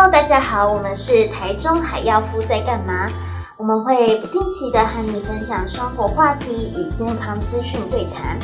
哈囉，大家好，我們是台中海藥夫在幹嘛？我們會不定期的和你分享生活話題與健康資訊對談。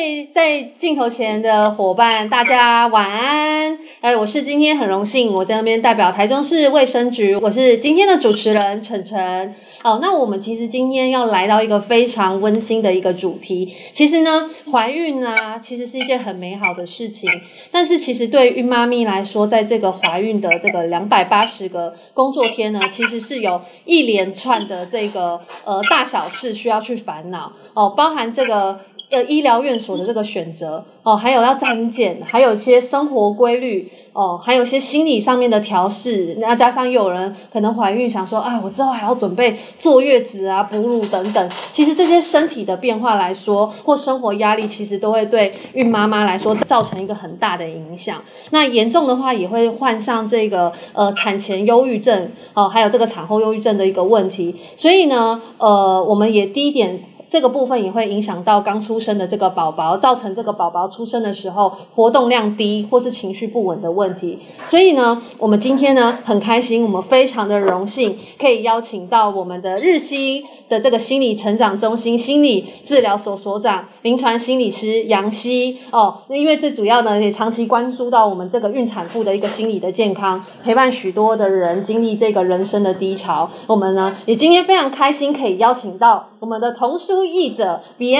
Hey, 在鏡頭前的夥伴，大家晚安。哎、欸，我是今天很榮幸，我在那邊代表台中市衛生局，我是今天的主持人晨晨。哦，那我們其實今天要來到一個非常溫馨的一個主題。其實呢，懷孕啊，其實是一件很美好的事情。但是，其實對於孕媽咪來說，在這個懷孕的這個兩百八十個工作天呢，其實是有一連串的這個呃大小事需要去煩惱哦，包含這個。的醫療院所的這個選擇哦，還有要產檢，還有一些生活規律哦，還有一些心理上面的調適，那加上有人可能懷孕，想說啊，我之後還要準備坐月子啊、哺乳等等。其實這些身體的變化來說，或生活壓力，其實都會對孕媽媽來說造成一個很大的影響。那嚴重的話，也會患上這個呃產前憂鬱症哦，還有這個產後憂鬱症的一個問題。所以呢，呃，我們也第一點。這個部分也會影響到剛出生的這個寶寶，造成這個寶寶出生的時候活動量低或是情緒不穩的問題。所以呢，我們今天呢很開心，我們非常的榮幸可以邀請到我們的日系的這個心理成長中心心理治療所所長、臨床心理師楊希哦。那因為最主要呢也長期關注到我們這個孕產婦的一個心理的健康，陪伴許多的人經歷這個人生的低潮。我們呢也今天非常開心可以邀請到我們的同事，注意者碧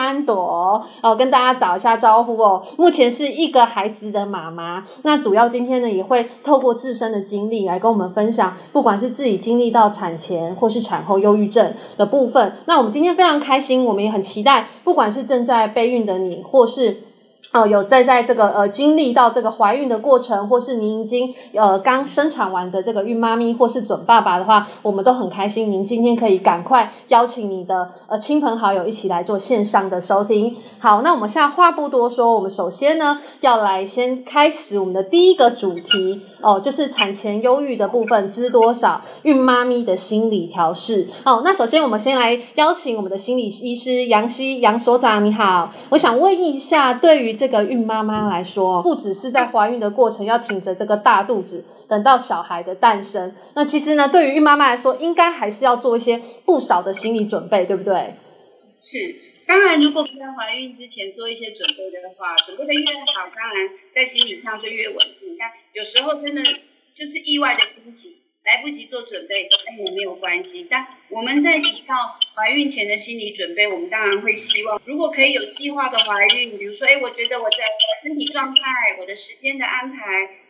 安朵哦，跟大家打一下招呼哦。目前是一個孩子的媽媽，那主要今天呢也會透過自身的經歷來跟我們分享，不管是自己經歷到產前或是產後憂鬱症的部分。那我們今天非常開心，我們也很期待，不管是正在備孕的你，或是。哦、呃，有在在這個呃經歷到這個懷孕的過程，或是您已經呃剛生產完的這個孕媽咪，或是準爸爸的話，我們都很開心。您今天可以趕快邀請你的呃親朋好友一起來做線上的收聽。好，那我們現在話不多說，我們首先呢要來先開始我們的第一個主題。哦，就是產前憂鬱的部分知多少？孕媽咪的心理調適。哦，那首先我們先來邀請我們的心理醫師楊希楊所長，你好。我想問一下，對於這個孕媽媽來說，不只是在懷孕的過程要挺着這個大肚子，等到小孩的誕生，那其實呢，對於孕媽媽來說，應該還是要做一些不少的心理準備，對不對？是。當然，如果在懷孕之前做一些準備的話，準備的越好，當然在心理上就越穩定。你看，有時候真的就是意外的驚喜。來不及做準備，哎，沒有關係。但我們在提到懷孕前的心理準備，我們當然會希望，如果可以有計劃的懷孕，比如說，誒、哎，我覺得我在身體狀態，我的時間的安排，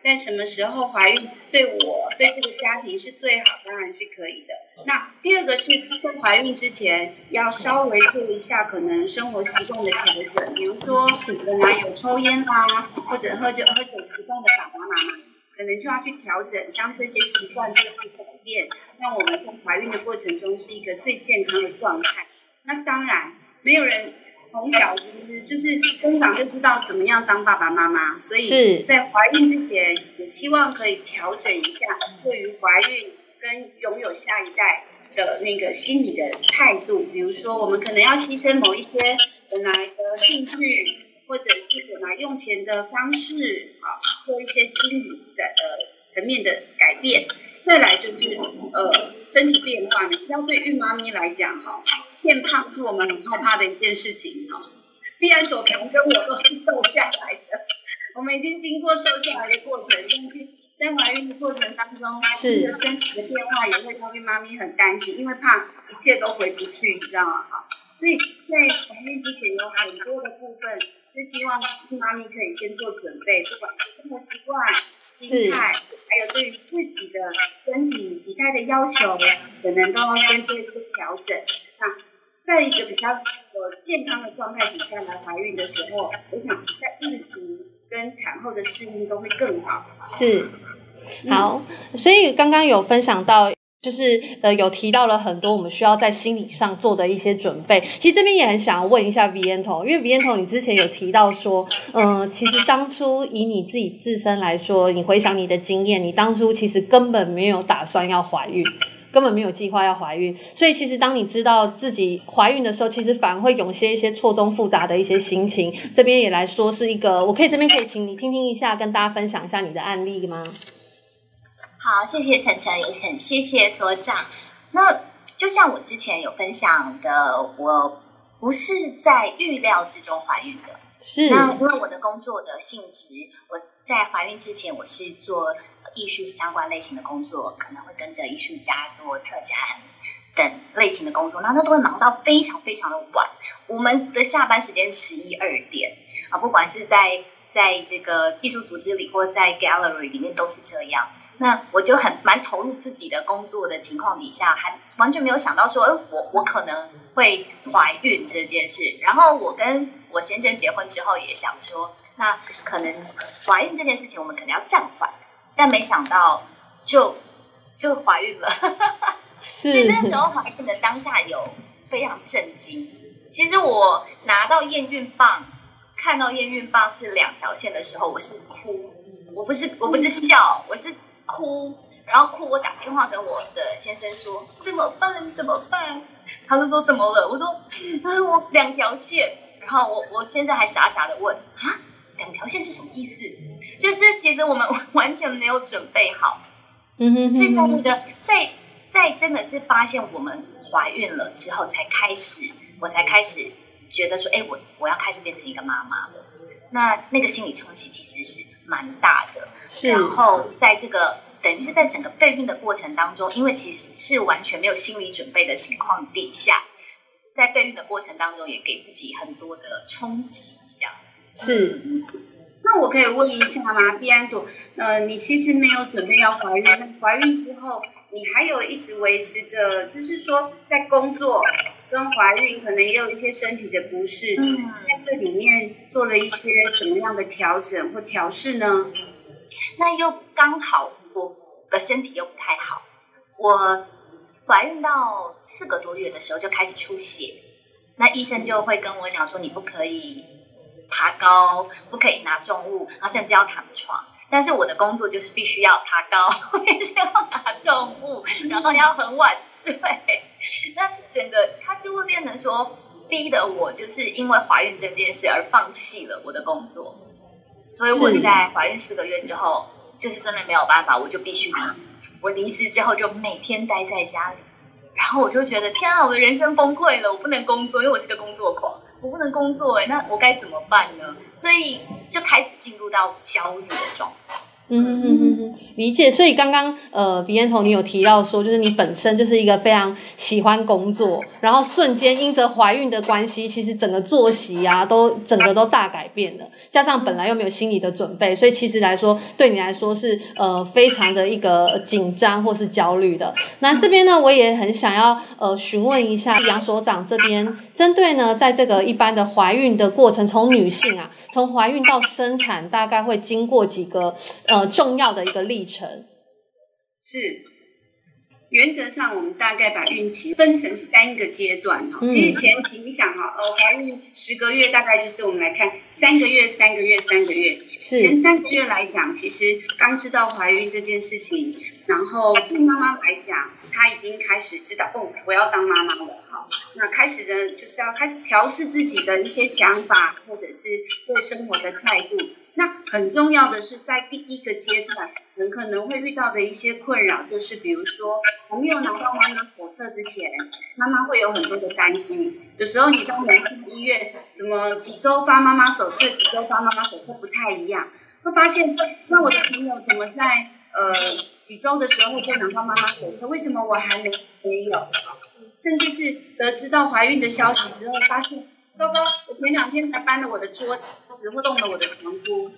在什麼時候懷孕，對我對這個家庭是最好的，當然是可以的。那第二個是在懷孕之前，要稍微做一下可能生活習慣的調整，比如說，你的男有抽菸啊，或者喝酒，喝酒習慣的爸爸媽媽。可能就要去調整，將這些習慣做一些改變，讓我們在懷孕的過程中是一個最健康的狀態。那當然，沒有人從小就是就是生長就知道怎麼樣當爸爸媽媽，所以在懷孕之前，也希望可以調整一下對於懷孕跟擁有下一代的那個心理的態度。比如說，我們可能要犧牲某一些本來的興趣。或者是我拿用錢的方式，好、哦、做一些心理的呃層面的改變。再來就是呃身體變化，要對孕媽咪來講，哈、哦，變胖是我們很害怕的一件事情，哈、哦。畢安所可能跟我都是瘦下來的，我們已經經過瘦下來的過程，但是在懷孕的過程當中，這個身體的變化也會讓孕媽咪很擔心，因為怕一切都回不去，你知道嗎？哈、哦。所以在懷孕之前有很多的部分。是希望孕媽咪可以先做準備，不管是生活習慣、心態，還有對於自己的身體體態的要求，也能夠先做一些調整。那、啊、在一個比較呃健康的狀態底下來懷孕的時候，我想在孕期跟產後的適應都會更好。是，嗯、好，所以剛剛有分享到。就是呃，有提到了很多我們需要在心理上做的一些準備。其實這邊也很想問一下 Vento，因為 Vento 你之前有提到說，嗯，其實當初以你自己自身來說，你回想你的經驗，你當初其實根本沒有打算要懷孕，根本沒有計劃要懷孕。所以其實當你知道自己懷孕的時候，其實反而會湧現一些錯綜複雜的一些心情。這邊也來說是一個，我可以這邊可以請你聽聽一下，跟大家分享一下你的案例嗎？好，謝謝晨晨，有請謝謝所長。那就像我之前有分享的，我不是在預料之中懷孕的。是。那因為我的工作的性質，我在懷孕之前我是做藝術相關類型的工作，可能會跟着藝術家做策展等類型的工作，那那都會忙到非常非常的晚。我們的下班時間十一二點啊，不管是在在這個藝術組織裡，或在 gallery 裡面，都是這樣。那我就很蠻投入自己的工作的情況底下，還完全沒有想到說，哎，我我可能會懷孕這件事。然後我跟我先生結婚之後，也想說，那可能懷孕這件事情，我們可能要暫緩。但沒想到就就懷孕了。 所以那時候懷孕的當下，有非常震驚。其實我拿到驗孕棒，看到驗孕棒是兩條線的時候，我是哭，我不是我不是笑，我是。哭，然後哭，我打電話跟我的先生說，怎麼辦？怎麼辦？他就說，怎麼了？我說呵呵，我兩條線，然後我我現在還傻傻的問啊，兩條線是什麼意思？就是其實我們完全沒有準備好，嗯哼、嗯嗯嗯嗯嗯，現在這個在在真的是發現我們懷孕了之後，才開始，我才開始覺得說，哎、欸，我我要開始變成一個媽媽了。那那個心理衝擊其實是。蠻大的，然後在這個等於是在整個備孕的過程當中，因為其實是完全沒有心理準備的情況底下，在備孕的過程當中也給自己很多的衝擊，這樣子是，那我可以問一下嗎？碧安朵、呃，你其實沒有準備要懷孕，懷孕之後你還有一直維持着，就是說在工作。跟懷孕可能也有一些身體的不適，嗯，在這裡面做了一些什麼樣的調整或調適呢？那又剛好我的身體又不太好，我懷孕到四個多月的時候就開始出血，那醫生就會跟我講說，你不可以爬高，不可以拿重物，然後甚至要躺床。但是我的工作就是必須要爬高，必須要打重物，然後要很晚睡。那整個他就會變成說，逼得我就是因為懷孕這件事而放棄了我的工作。所以我在懷孕四個月之後，就是真的沒有辦法，我就必須離。我離職之後就每天待在家裡，然後我就覺得天啊，我的人生崩潰了，我不能工作，因為我是個工作狂。我不能工作哎、欸，那我該怎麼辦呢？所以就開始進入到焦慮的狀態。嗯嗯嗯嗯，嗯，嗯，理解。所以剛剛呃，鼻煙筒你有提到說，就是你本身就是一個非常喜歡工作，然後瞬間因着懷孕的關係，其實整個作息啊都整個都大改變了，加上本來又沒有心理的準備，所以其實來說對你來說是呃非常的一個緊張或是焦慮的。那這邊呢，我也很想要呃詢問一下楊所長這邊，針對呢在這個一般的懷孕的過程，從女性啊，從懷孕到生產，大概會經過幾個，呃呃，重要的一個歷程，是原則上我們大概把孕期分成三個階段哈。其實前期、嗯、你講哈，呃、哦，懷孕十個月大概就是我們來看三個月，三個月，三個月。前三個月來講，其實剛知道懷孕這件事情，然後對媽媽來講，她已經開始知道哦，我要當媽媽了。好，那開始的就是要開始調試自己的一些想法，或者是對生活的態度。那很重要的是，在第一個階段，很可能會遇到的一些困擾，就是比如說，我沒有拿到媽媽手冊之前，媽媽會有很多的擔心。有時候你在沒進醫院，什麼幾周發媽媽手冊，幾周發媽媽手冊不太一樣，會發現，那我的朋友怎麼在呃幾周的時候就拿到媽媽手冊？為什麼我還沒沒有？甚至是得知到懷孕的消息之後，發現。糟糕，我前兩天才搬了我的桌子，只活動了我的床鋪、哦、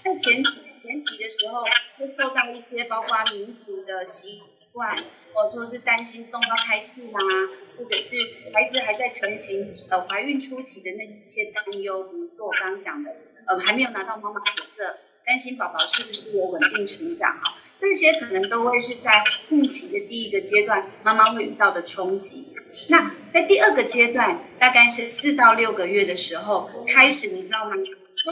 在前期前期的時候，會受到一些包括民族的習慣，哦，就是擔心動到胎氣啦、啊，或者是孩子還在成型，呃，懷孕初期的那些擔憂，比如說我剛剛講的，呃，還沒有拿到媽媽手冊，擔心寶寶是不是有穩定成長啊，這、哦、些可能都會是在孕期的第一個階段，媽媽會遇到的衝擊。那在第二個階段，大概是四到六個月的時候開始，你知道嗎？因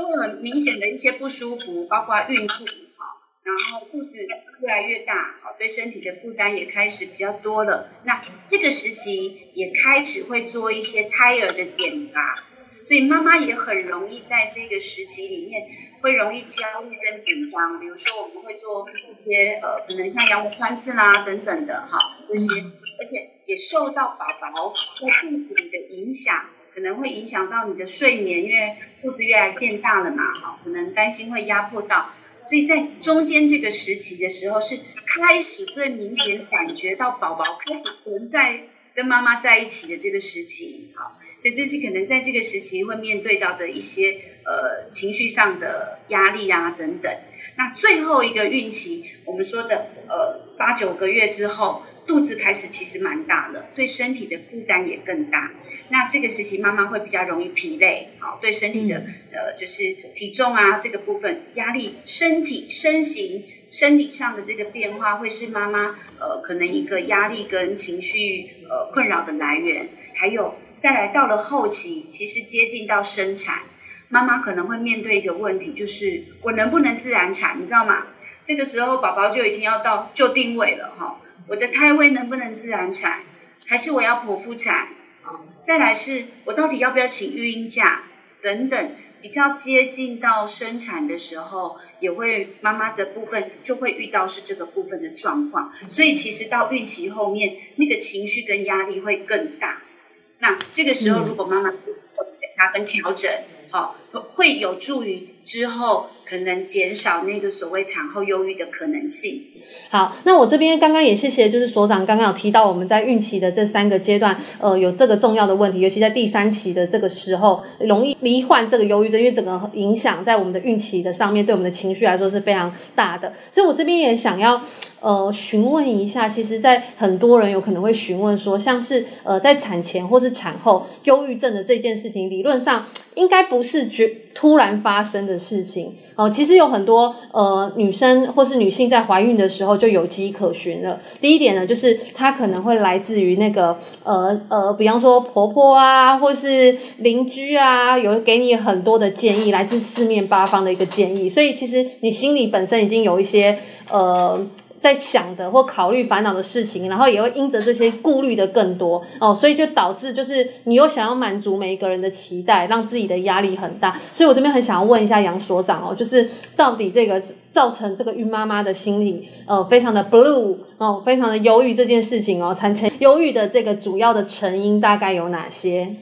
為很明顯的一些不舒服，包括孕吐哈，然後肚子越來越大，好，對身體的負擔也開始比較多了。那這個時期也開始會做一些胎兒的檢查，所以媽媽也很容易在這個時期裡面會容易焦慮跟緊張。比如說我們會做一些呃，可能像羊膜穿刺啦等等的哈，這些。而且也受到寶寶在肚子裡的影響，可能會影響到你的睡眠，因為肚子越來越變大了嘛，好，可能擔心會壓迫到，所以在中間這個時期的時候，是開始最明顯感覺到寶寶開始存在跟媽媽在一起的這個時期，好，所以這是可能在這個時期會面對到的一些呃情緒上的壓力啊等等。那最後一個孕期，我們說的呃八九個月之後。肚子開始其實蠻大了，對身體的負擔也更大。那這個時期媽媽會比較容易疲累，好，對身體的呃，就是體重啊這個部分壓力，身體身形，身體上的這個變化，會是媽媽呃可能一個壓力跟情緒呃困擾的來源。還有再來到了後期，其實接近到生產，媽媽可能會面對一個問題，就是我能不能自然產？你知道嗎？這個時候寶寶就已經要到就定位了，哈、哦。我的胎位能不能自然產，還是我要剖腹產？啊、哦，再來是我到底要不要請育嬰假？等等，比較接近到生產的時候，也會媽媽的部分就會遇到是這個部分的狀況。所以其實到孕期後面，那個情緒跟壓力會更大。那這個時候如果媽媽做檢查跟調整，好、哦，會有助於之後可能減少那個所謂產後憂鬱的可能性。好，那我這邊剛剛也謝謝，就是所長剛剛有提到我們在孕期的這三個階段，呃，有這個重要的問題，尤其在第三期的這個時候，容易罹患這個憂鬱症，因為整個影響在我們的孕期的上面，對我們的情緒來說是非常大的。所以我這邊也想要呃詢問一下，其實，在很多人有可能會詢問說，像是呃在產前或是產後憂鬱症的這件事情，理論上。應該不是突然發生的事情哦、呃，其實有很多呃女生或是女性在懷孕的時候就有跡可循了。第一點呢，就是它可能會來自於那個呃呃，比方說婆婆啊，或是鄰居啊，有給你很多的建議，來自四面八方的一個建議。所以其實你心裡本身已經有一些呃。在想的或考慮煩惱的事情，然後也會因着這些顧慮的更多哦，所以就導致就是你又想要滿足每一個人的期待，讓自己的壓力很大。所以我這邊很想要問一下楊所長哦，就是到底這個造成這個孕媽媽的心理呃非常的 blue 哦，非常的憂鬱這件事情哦，產前憂鬱的這個主要的成因大概有哪些？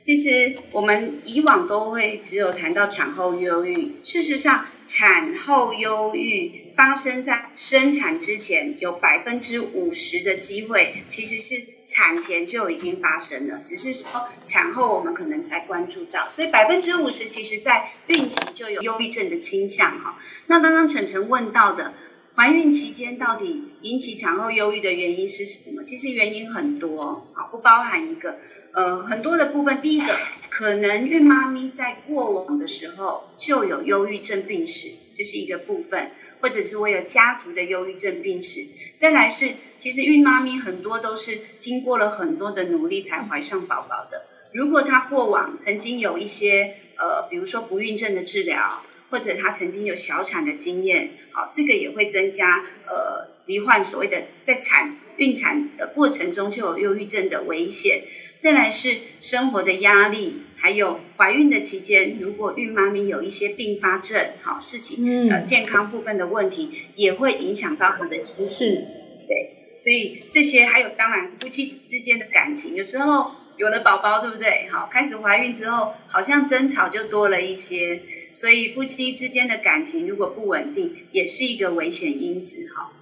其實我們以往都會只有談到產後憂鬱，事實上產後憂鬱。發生在生產之前，有百分之五十的機會，其實是產前就已經發生了，只是說產後我們可能才關注到。所以百分之五十，其實在孕期就有憂鬱症的傾向哈。那剛剛晨晨問到的，懷孕期間到底引起產後憂鬱的原因是什麼？其實原因很多，好不包含一個，呃，很多的部分。第一個，可能孕媽咪在過往的時候就有憂鬱症病史，這就是一個部分。或者是我有家族的憂鬱症病史，再來是，其實孕媽咪很多都是經過了很多的努力才懷上寶寶的。如果她過往曾經有一些，呃，比如說不孕症的治療，或者她曾經有小產的經驗，好、啊，這個也會增加，呃，罹患所謂的在產，孕產的過程中就有憂鬱症的危險。再來是生活的壓力。還有懷孕的期間，如果孕媽咪有一些併發症，好事情、嗯、呃，健康部分的問題，也會影響到她的心情。對，所以這些還有當然夫妻之間的感情，有時候有了寶寶，對不對？好，開始懷孕之後，好像爭吵就多了一些。所以夫妻之間的感情如果不穩定，也是一個危險因子。好。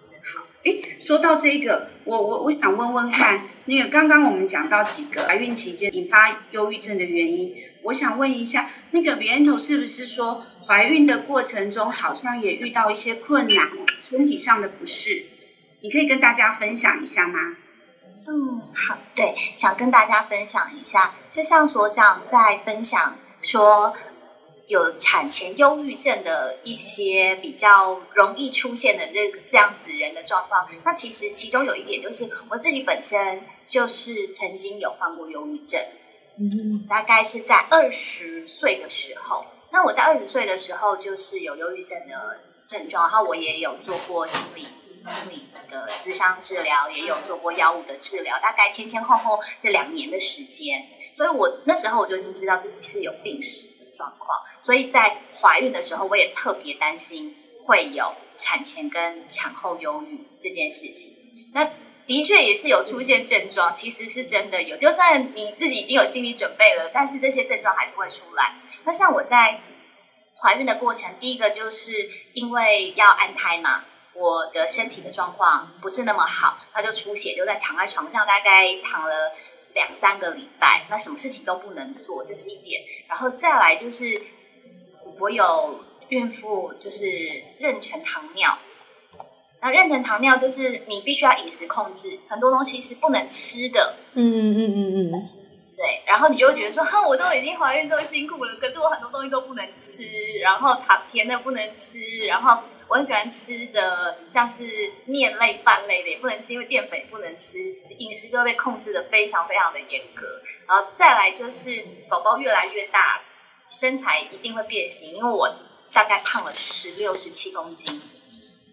哎，說到這個，我我我想問問看，那個剛剛我們講到幾個懷孕期間引發憂鬱症的原因，我想問一下，那個 Bianto 是不是說懷孕的過程中好像也遇到一些困難，身體上的不適，你可以跟大家分享一下嗎？嗯，好，對，想跟大家分享一下，就像所長在分享說。有產前憂鬱症的一些比較容易出現的這這樣子人的狀況，那其實其中有一點就是我自己本身就是曾經有患過憂鬱症，嗯，大概是在二十歲的時候。那我在二十歲的時候就是有憂鬱症的症狀，然後我也有做過心理心理的諮商治療，也有做過藥物的治療，大概前前後後那兩年的時間，所以我那時候我就已經知道自己是有病史。狀況，所以在懷孕的時候，我也特別擔心會有產前跟產後憂鬱這件事情。那的確也是有出現症狀，嗯，其實是真的有。就算你自己已經有心理準備了，但是這些症狀還是會出來。那像我在懷孕的過程，第一個就是因為要安胎嘛，我的身體的狀況不是那麼好，他就出血，就在躺在床上，大概躺了。兩三個禮拜，那什麼事情都不能做，這是一點。然後再來就是，我有孕婦，就是妊娠糖尿。那妊娠糖尿就是你必須要飲食控制，很多東西是不能吃的。嗯嗯嗯嗯。對，然後你就會覺得說，哈，我都已經懷孕這麼辛苦了，可是我很多東西都不能吃，然後糖甜的不能吃，然後。我很喜歡吃的，像是麵類、飯類的也不能吃，因為澱粉不能吃。飲食就被控制的非常非常的嚴格。然後再來就是寶寶越來越大，身材一定會變形，因為我大概胖了十六十七公斤，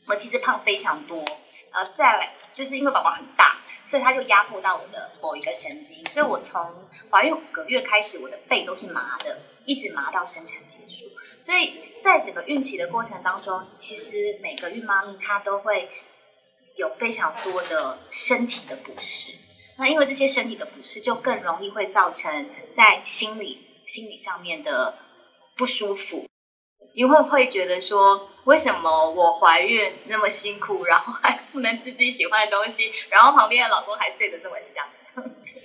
我其實胖非常多。呃，再來就是因為寶寶很大，所以他就壓迫到我的某一個神經，所以我從懷孕五個月開始，我的背都是麻的。一直麻到生產結束，所以在整個孕期的過程當中，其實每個孕媽咪她都會有非常多的身體的不適，那因為這些身體的不適，就更容易會造成在心理心理上面的不舒服，你會會覺得說，為什麼我懷孕那麼辛苦，然後還不能吃自己喜歡的東西，然後旁邊的老公還睡得這麼香，這樣子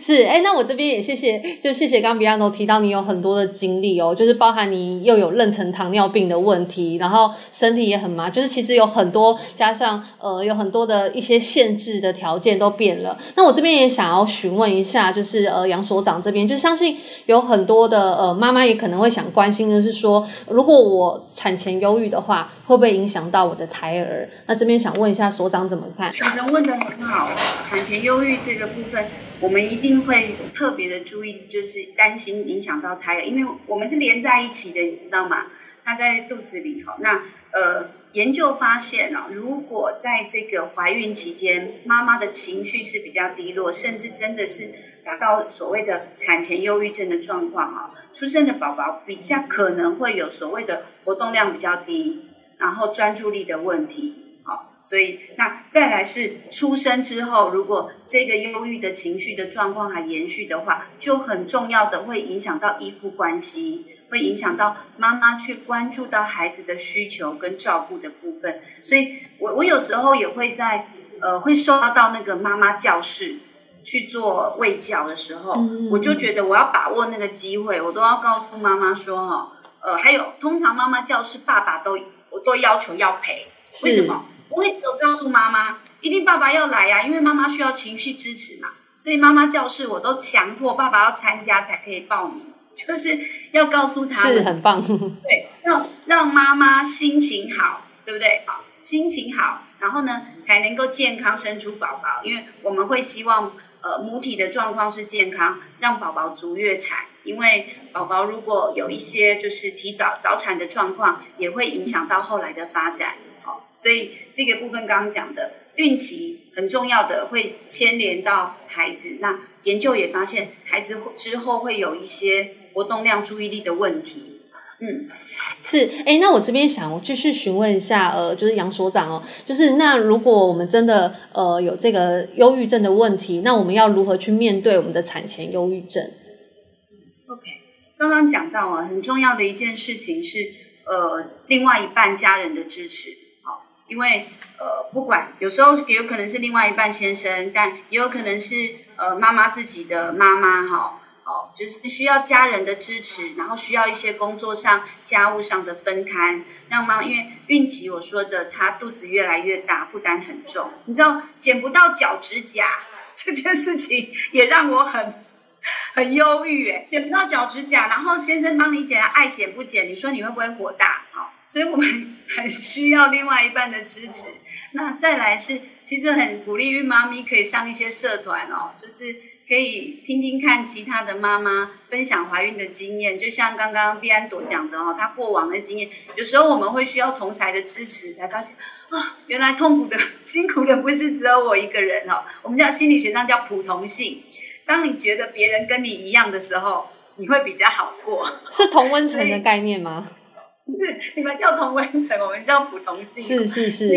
是哎、欸，那我這邊也謝謝，就謝謝剛比安諾提到你有很多的經歷哦、喔，就是包含你又有妊娠糖尿病的問題，然後身體也很麻，就是其實有很多加上呃有很多的一些限制的條件都變了。那我這邊也想要詢問一下，就是呃楊所長這邊，就相信有很多的呃媽媽也可能會想關心的是說，如果我產前憂鬱的話。會不會影響到我的胎兒？那這邊想問一下所長怎麼看？學生問得很好，產前憂鬱這個部分，我們一定會特別的注意，就是擔心影響到胎兒，因為我們是連在一起的，你知道嗎？他在肚子裡哈，那呃，研究發現啊，如果在這個懷孕期間，媽媽的情緒是比較低落，甚至真的是達到所謂的產前憂鬱症的狀況啊。出生的寶寶比較可能會有所謂的活動量比較低，然後專注力的問題，好，所以那再來是出生之後，如果這個憂鬱的情緒的狀況還延續的話，就很重要的會影響到依附關係，會影響到媽媽去關注到孩子的需求跟照顧的部分，所以我我有時候也會在呃會受到那個媽媽教室。去做衛教的時候、嗯，我就覺得我要把握那個機會，我都要告訴媽媽說哈，呃，還有通常媽媽教室爸爸都，我都要求要陪，為什麼？我會只有告訴媽媽，一定爸爸要來呀、啊，因為媽媽需要情緒支持嘛，所以媽媽教室我都強迫爸爸要參加才可以報名，就是要告訴他們，是很棒，對，讓讓媽媽心情好，對不對？好心情好，然後呢才能夠健康生出寶寶，因為我們會希望。呃，母體的狀況是健康，讓寶寶足月產，因為寶寶如果有一些就是提早早產的狀況，也會影響到後來的發展。好，所以這個部分剛剛講的，孕期，很重要的會牽連到孩子。那研究也發現，孩子之後會有一些活動量、注意力的問題。嗯，是，欸，那我這邊想，我繼續詢問一下，呃，就是楊所長哦，就是那如果我們真的呃有這個憂鬱症的問題，那我們要如何去面對我們的產前憂鬱症？OK，剛剛講到啊，很重要的一件事情是，呃，另外一半家人的支持，好，因為呃，不管有時候也有可能是另外一半先生，但也有可能是呃媽媽自己的媽媽，齁。哦，就是需要家人的支持，然後需要一些工作上、家務上的分攤，讓媽，因為孕期我說的，她肚子越來越大，負擔很重，你知道，剪不到腳趾甲這件事情也讓我很很憂鬱哎，剪不到腳趾甲，然後先生幫你剪，愛剪不剪，你說你會不會火大？好、哦，所以我們很需要另外一半的支持。那再來是，其實很鼓勵孕媽咪可以上一些社團哦，就是。可以聽聽看其他的媽媽分享懷孕的經驗，就像剛剛碧安朵講的哦，她過往的經驗。有時候我們會需要同儕的支持才，才發現原來痛苦的、辛苦的不是只有我一個人哦。我們叫心理學上叫普同性。當你覺得別人跟你一樣的時候，你會比較好過。是同溫層的概念嗎？你們叫同溫層，我們叫普同性。是是是。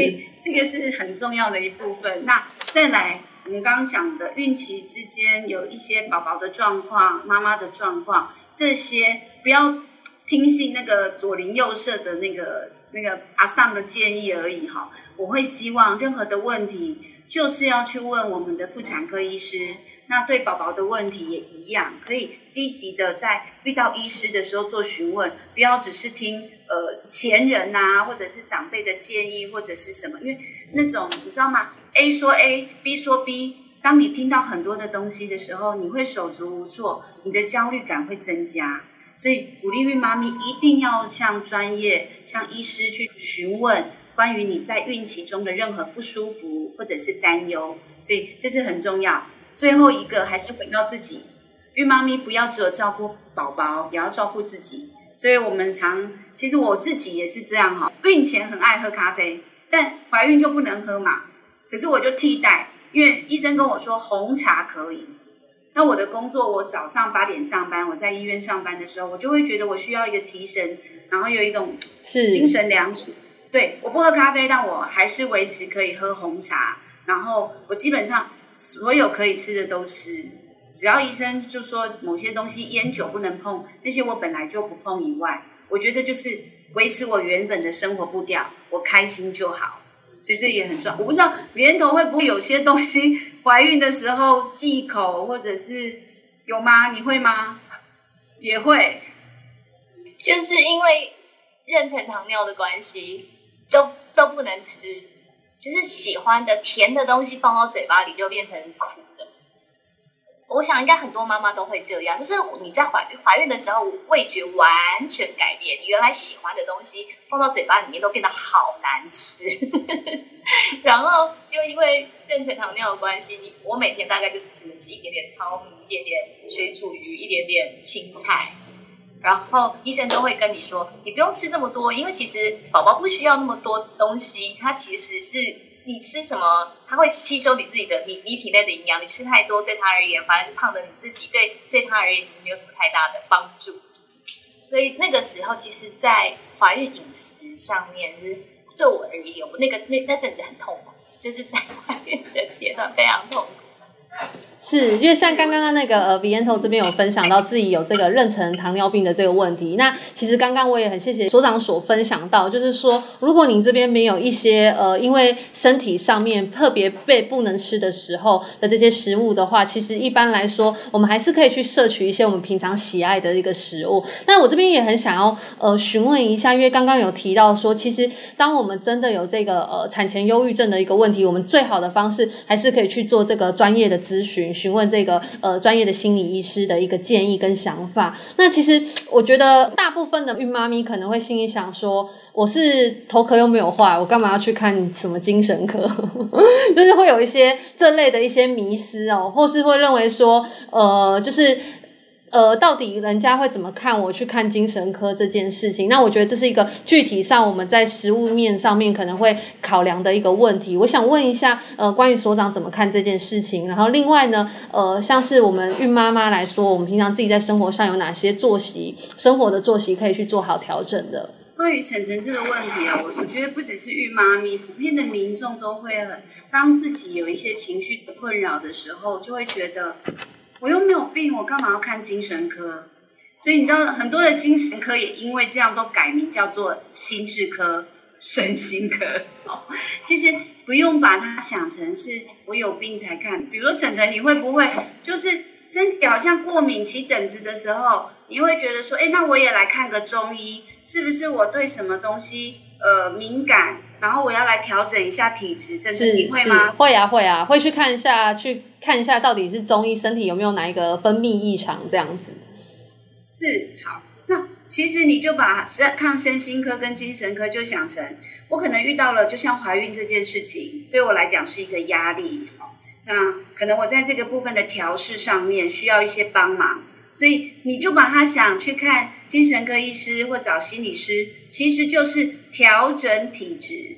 這個是很重要的一部分。那再來。我們剛剛講的孕期之間有一些寶寶的狀況、媽媽的狀況，這些不要聽信那個左鄰右舍的那個那個阿桑的建議而已哈。我會希望任何的問題就是要去問我們的婦產科醫師。那對寶寶的問題也一樣，可以積極的在遇到醫師的時候做詢問，不要只是聽呃前人吶、啊、或者是長輩的建議或者是什麼，因為那種你知道嗎？A 說 A，B 說 B。當你聽到很多的東西的時候，你會手足無措，你的焦慮感會增加。所以鼓勵孕媽咪一定要向專業、向醫師去詢問關於你在孕期中的任何不舒服或者是擔憂。所以這是很重要。最後一個還是回到自己，孕媽咪不要只有照顧寶寶，也要照顧自己。所以我們常，其實我自己也是這樣哈。孕前很愛喝咖啡，但懷孕就不能喝嘛。可是我就替代，因為醫生跟我說紅茶可以。那我的工作，我早上八點上班，我在醫院上班的時候，我就會覺得我需要一個提神，然後有一種精神良苦，對，我不喝咖啡，但我還是維持可以喝紅茶。然後我基本上所有可以吃的都吃，只要醫生就說某些東西煙酒不能碰，那些我本來就不碰以外，我覺得就是維持我原本的生活步調，我開心就好。所以這也很重要。我不知道源頭會不會有些東西，懷孕的時候忌口，或者是有嗎？你會嗎？也會，就是因為妊娠糖尿的關係，都都不能吃，就是喜歡的甜的東西放到嘴巴裡就變成苦。我想應該很多媽媽都會這樣，就是你在懷懷孕的時候，味覺完全改變，你原來喜歡的東西放到嘴巴裡面都變得好難吃。 然後又因為妊娠糖尿的關係，我每天大概就是只能吃一點點糙米、一點點水煮魚、一點點青菜。然後醫生都會跟你說，你不用吃那麼多，因為其實寶寶不需要那麼多東西，它其實是。你吃什麼，它會吸收你自己的，你你體內的營養。你吃太多，對它而言反而是胖的你自己，對對它而言其實沒有什麼太大的幫助。所以那個時候，其實，在懷孕飲食上面，是對我而言，我那個那那陣子很痛苦，就是在懷孕的階段非常痛苦。是因為像剛剛那個呃 Viento 這邊有分享到自己有這個妊娠糖尿病的這個問題。那其實剛剛我也很謝謝所長所分享到，就是說，如果您這邊沒有一些呃，因為身體上面特別被不能吃的時候的這些食物的話，其實一般來說，我們還是可以去攝取一些我們平常喜愛的一個食物。那我這邊也很想要呃詢問一下，因為剛剛有提到說，其實當我們真的有這個呃產前憂鬱症的一個問題，我們最好的方式還是可以去做這個專業的諮詢。詢問這個呃專業的心理醫師的一個建議跟想法。那其實我覺得大部分的孕媽咪可能會心裡想說：“我是頭殼又沒有壞，我幹嘛要去看什麼精神科？” 就是會有一些這類的一些迷思哦，或是會認為說：“呃，就是。”呃，到底人家會怎麼看我去看精神科這件事情？那我覺得這是一個具體上我們在實務面上面可能會考量的一個問題。我想問一下，呃，關於所長怎麼看這件事情？然後另外呢，呃，像是我們孕媽媽來說，我們平常自己在生活上有哪些作息，生活的作息可以去做好調整的？關於晨晨這個問題啊，我我覺得不只是孕媽咪，普遍的民眾都會很當自己有一些情緒困擾的時候，就會覺得。我又沒有病，我幹嘛要看精神科？所以你知道很多的精神科也因為這樣都改名叫做心智科、身心科。其實不用把它想成是我有病才看。比如說晨晨，你會不會就是身體好像過敏起疹子的時候，你會覺得說，哎，那我也來看個中醫，是不是我對什麼東西？呃，敏感，然後我要來調整一下體質，這是你會嗎？是，是，會啊，會啊，會去看一下，去看一下到底是中醫身體有沒有哪一個分泌異常這樣子。是，好。那其實你就把看身心科跟精神科就想成，我可能遇到了，就像懷孕這件事情，對我來講是一個壓力，那可能我在這個部分的調試上面需要一些幫忙。所以你就把他想，去看精神科醫師或找心理師，其實就是調整體質，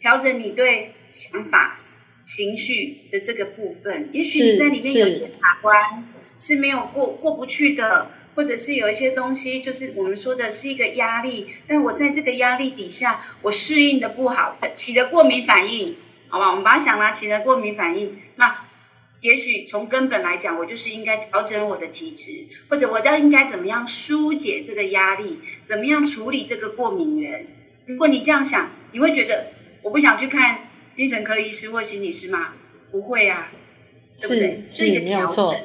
調整你對想法、情緒的這個部分。也許你在裡面有一些卡關，是，是，是沒有過、過不去的，或者是有一些東西，就是我們說的是一個壓力，但我在這個壓力底下，我適應的不好，起了過敏反應，好不好？我們把它想了，起了過敏反應，反應那。也許從根本來講，我就是應該調整我的體質，或者我要應該怎麼樣疏解這個壓力，怎麼樣處理這個過敏源。如、嗯、果你這樣想，你會覺得我不想去看精神科醫師或心理師嗎？不會啊，對不對？是，是一個調整。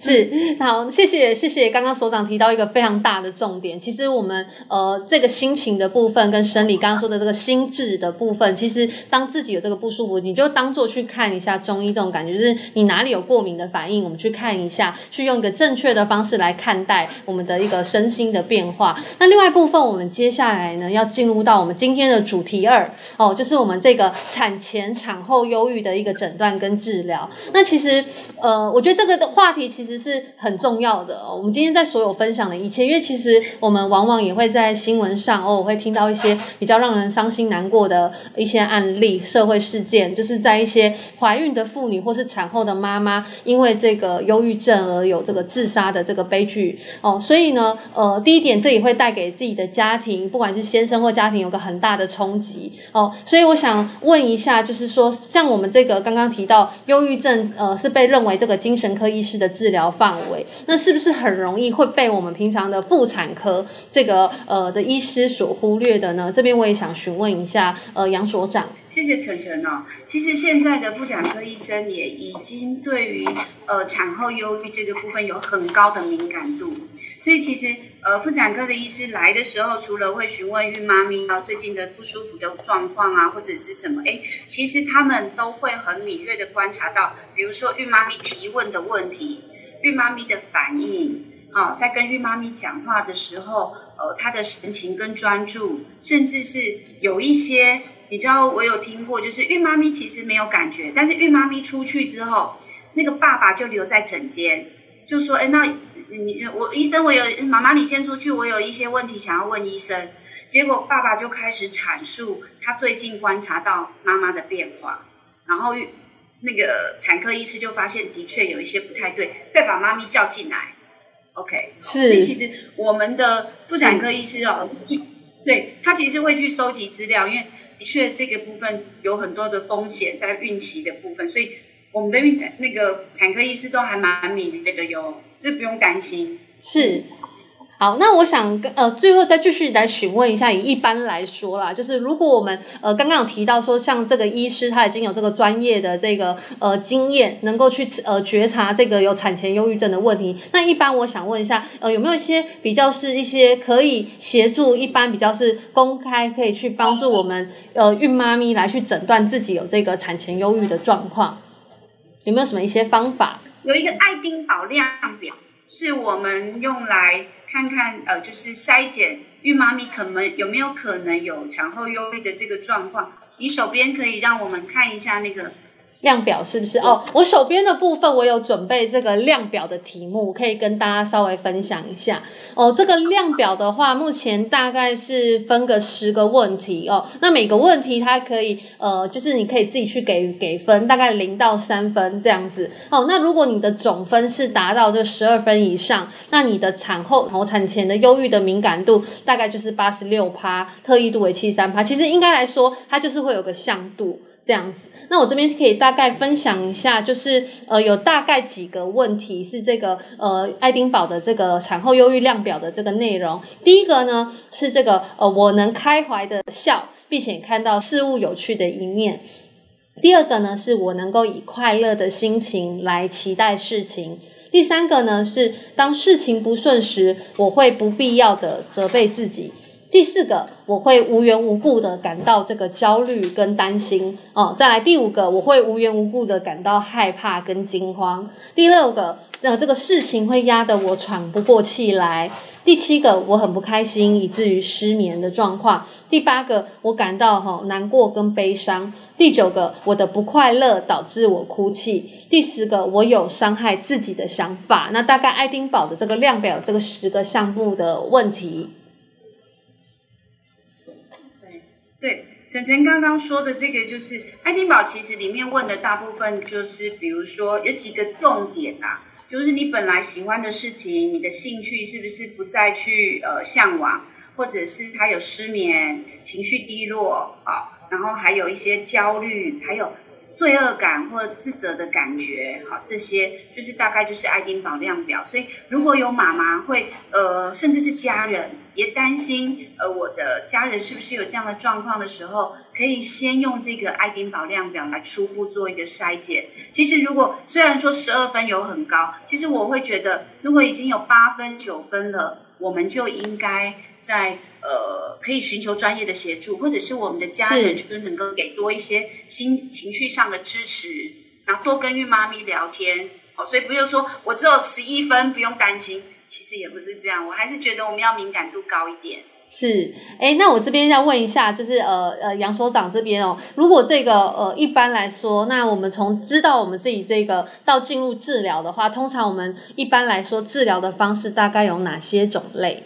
是好，謝謝謝謝。剛剛所長提到一個非常大的重點，其實我們呃這個心情的部分跟生理剛剛說的這個心智的部分，其實當自己有這個不舒服，你就當做去看一下中醫這種感覺，就是你哪裡有過敏的反應，我們去看一下，去用一個正確的方式來看待我們的一個身心的變化。那另外一部分，我們接下來呢要進入到我們今天的主題二哦，就是我們這個產前產後憂鬱的一個診斷跟治療。那其實呃，我覺得這個的話題。其實是很重要的。我們今天在所有分享的一切，因為其實我們往往也會在新聞上哦，我會聽到一些比較讓人傷心難過的一些案例、社會事件，就是在一些懷孕的婦女或是產後的媽媽，因為這個憂鬱症而有這個自殺的這個悲劇哦。所以呢，呃，第一點，這也會帶給自己的家庭，不管是先生或家庭，有個很大的衝擊哦。所以我想問一下，就是說，像我們這個剛剛提到憂鬱症，呃，是被認為這個精神科醫師的治。治療範圍，那是不是很容易會被我們平常的婦產科這個呃的醫師所忽略的呢？這邊我也想詢問一下呃楊所長。謝謝晨晨哦。其實現在的婦產科醫生也已經對於呃產後憂鬱這個部分有很高的敏感度，所以其實呃婦產科的醫師來的時候，除了會詢問孕媽咪啊最近的不舒服的狀況啊，或者是什麼，哎，其實他們都會很敏銳地觀察到，比如說孕媽咪提問的問題。孕媽咪的反應啊，在跟孕媽咪講話的時候，呃，她的神情跟專注，甚至是有一些，你知道我有聽過，就是孕媽咪其實沒有感覺，但是孕媽咪出去之後，那個爸爸就留在診間，就說，哎、欸，那你我醫生，我有媽媽你先出去，我有一些問題想要問醫生，結果爸爸就開始闡述他最近觀察到媽媽的變化，然後孕。那個產科醫師就發現的確有一些不太對，再把媽咪叫進來，OK，是所以其實我們的婦產科醫師哦，對，他其實會去收集資料，因為的確這個部分有很多的風險在孕期的部分，所以我們的孕產那個產科醫師都還蠻敏銳的的喲，這不用擔心。是。好，那我想跟呃最後再繼續來詢問一下，以一般來說啦，就是如果我們呃剛剛有提到說，像這個醫師他已經有這個專業的這個呃經驗，能夠去呃覺察這個有產前憂鬱症的問題，那一般我想問一下，呃有沒有一些比較是一些可以協助一般比較是公開可以去幫助我們呃孕媽咪來去診斷自己有這個產前憂鬱的狀況，有沒有什麼一些方法？有一個愛丁堡量表是我們用來。看看，呃，就是篩檢孕媽咪可能有沒有可能有產後憂鬱的這個狀況。你手邊可以讓我們看一下那個。量表是不是哦？Oh, 我手邊的部分我有準備這個量表的題目，可以跟大家稍微分享一下哦。Oh, 這個量表的話，目前大概是分個十個問題哦。Oh, 那每個問題它可以呃，就是你可以自己去給給分，大概零到三分這樣子哦。Oh, 那如果你的總分是達到這十二分以上，那你的產後然後產前的憂鬱的敏感度大概就是八十六趴，特異度為七十三趴。其實應該來說，它就是會有個向度。這樣子，那我這邊可以大概分享一下，就是呃，有大概幾個問題是這個呃愛丁堡的這個產後憂鬱量表的這個內容。第一個呢是這個呃，我能開懷的笑，並且看到事物有趣的一面；第二個呢是我能夠以快樂的心情來期待事情；第三個呢是當事情不順時，我會不必要的責備自己。第四個，我會無緣無故的感到這個焦慮跟擔心哦。再來第五個，我會無緣無故的感到害怕跟驚慌。第六個，那、呃、這個事情會壓得我喘不過氣來。第七個，我很不開心，以至於失眠的狀況。第八個，我感到哈、哦、難過跟悲傷。第九個，我的不快樂導致我哭泣。第十個，我有傷害自己的想法。那大概愛丁堡的這個量表，這個十個項目的問題。對，晨晨剛剛說的這個就是愛丁堡，其實裡面問的大部分就是，比如說有幾個重點啦，啊，就是你本來喜歡的事情，你的興趣是不是不再去呃嚮往，或者是他有失眠、情緒低落，啊，哦，然後還有一些焦慮，還有罪惡感或自責的感覺，好，哦，這些就是大概就是愛丁堡量表。所以如果有媽媽會呃，甚至是家人。別擔心，呃，我的家人是不是有這樣的狀況的時候，可以先用這個愛丁堡量表來初步做一個篩檢。其實，如果雖然說十二分有很高，其實我會覺得，如果已經有八分、九分了，我們就應該在呃，可以尋求專業的協助，或者是我們的家人就是能夠給多一些心情緒上的支持，然後多跟孕媽咪聊天。好、哦，所以不用說我只有十一分，不用擔心。其實也不是這樣，我還是覺得我們要敏感度高一點。是，誒，那我這邊要問一下，就是呃呃，楊所長這邊哦，如果這個呃一般來說，那我們從知道我們自己這個到進入治療的話，通常我們一般來說治療的方式大概有哪些種類？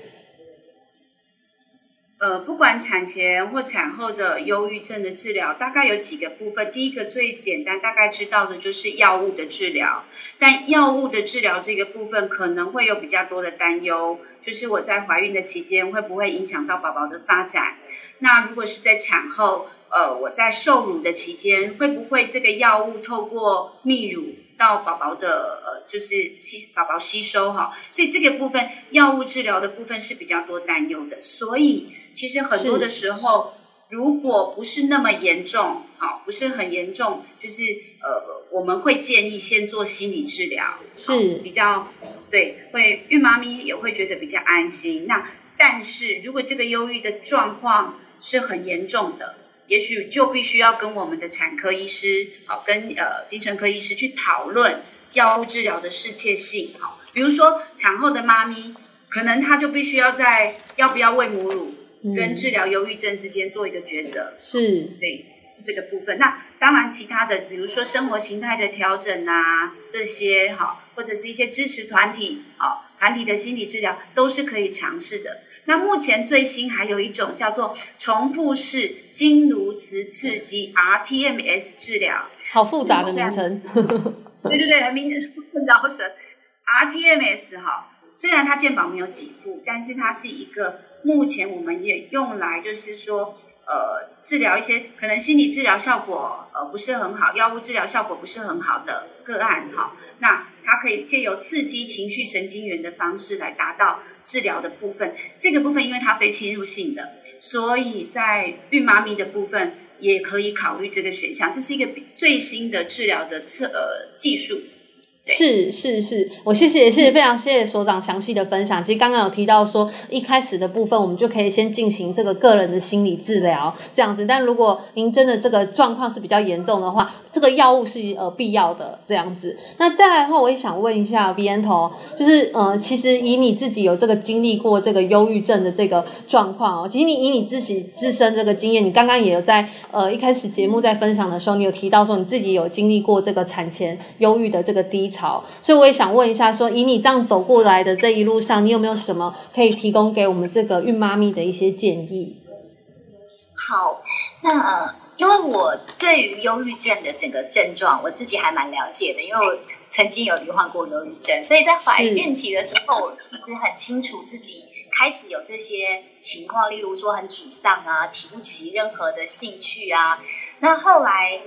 呃，不管產前或產後的憂鬱症的治療，大概有幾個部分。第一個最簡單，大概知道的就是藥物的治療。但藥物的治療這個部分可能會有比較多的擔憂，就是我在懷孕的期間會不會影響到寶寶的發展？那如果是在產後，呃，我在授乳的期間會不會這個藥物透過泌乳到寶寶的呃，就是吸寶寶吸收哈？所以這個部分藥物治療的部分是比較多擔憂的，所以。其實很多的時候，如果不是那麼嚴重，好，不是很嚴重，就是呃，我們會建議先做心理治療，好比較對，會孕媽咪也會覺得比較安心。那但是如果這個憂鬱的狀況是很嚴重的，也許就必須要跟我們的產科醫師，好跟呃精神科醫師去討論藥物治療的適切性，好，比如說產後的媽咪，可能她就必須要在要不要餵母乳，跟治療憂鬱症之間做一個抉擇，是，對，這個部分。那當然，其他的，比如說生活形態的調整啊，這些哈，或者是一些支持團體，啊，團體的心理治療都是可以嘗試的。那目前最新還有一種叫做重複式經顱磁刺、刺激 （RTMS） 治療，好複雜的名稱。對， 對對對，名， 老神，RTMS 哈。雖然它健保沒有給付，但是它是一個目前我們也用來，就是說，呃，治療一些可能心理治療效果呃不是很好，藥物治療效果不是很好的個案哈。那它可以借由刺激情緒神經元的方式來達到治療的部分。這個部分因為它非侵入性的，所以在孕媽咪的部分也可以考慮這個選項。這是一個最新的治療的測呃技術。是是是，我謝謝謝謝非常謝謝所長詳細的分享。其實剛剛有提到說，一開始的部分我們就可以先進行這個個人的心理治療這樣子。但如果您真的這個狀況是比較嚴重的話，這個藥物是呃必要的這樣子。那再來的話，我也想問一下 Viento，就是呃，其實以你自己有這個經歷過這個憂鬱症的這個狀況哦，其實你以你自己自身這個經驗，你剛剛也有在呃一開始節目在分享的時候，你有提到說你自己有經歷過這個產前憂鬱的這個低。所以我也想問一下，說以你這樣走過來的這一路上，你有沒有什麼可以提供給我們這個孕媽咪的一些建議？好，那呃，因為我對於憂鬱症的整個症狀，我自己還蠻了解的，因為我曾經有罹患過憂鬱症，所以在懷孕期的時候，我其實很清楚自己開始有這些情況，例如說很沮喪啊，提不起任何的興趣啊。那後來，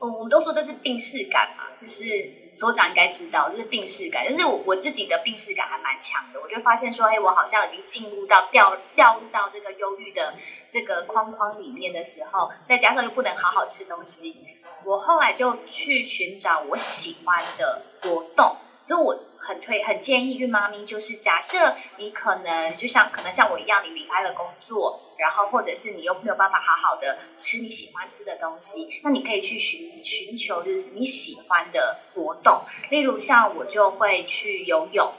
嗯，我們都說這是病識感嘛，啊，就是。所長應該知道，就是病識感，就是我我自己的病識感還蠻強的。我就發現說，哎，我好像已經進入到掉掉入到這個憂鬱的這個框框裡面的時候，再加上又不能好好吃東西，我後來就去尋找我喜歡的活動，所以我。很推很建議孕媽咪，就是假設你可能就像可能像我一樣，你離開了工作，然後或者是你又沒有辦法好好的吃你喜歡吃的東西，那你可以去尋尋求就是你喜歡的活動，例如像我就會去游泳，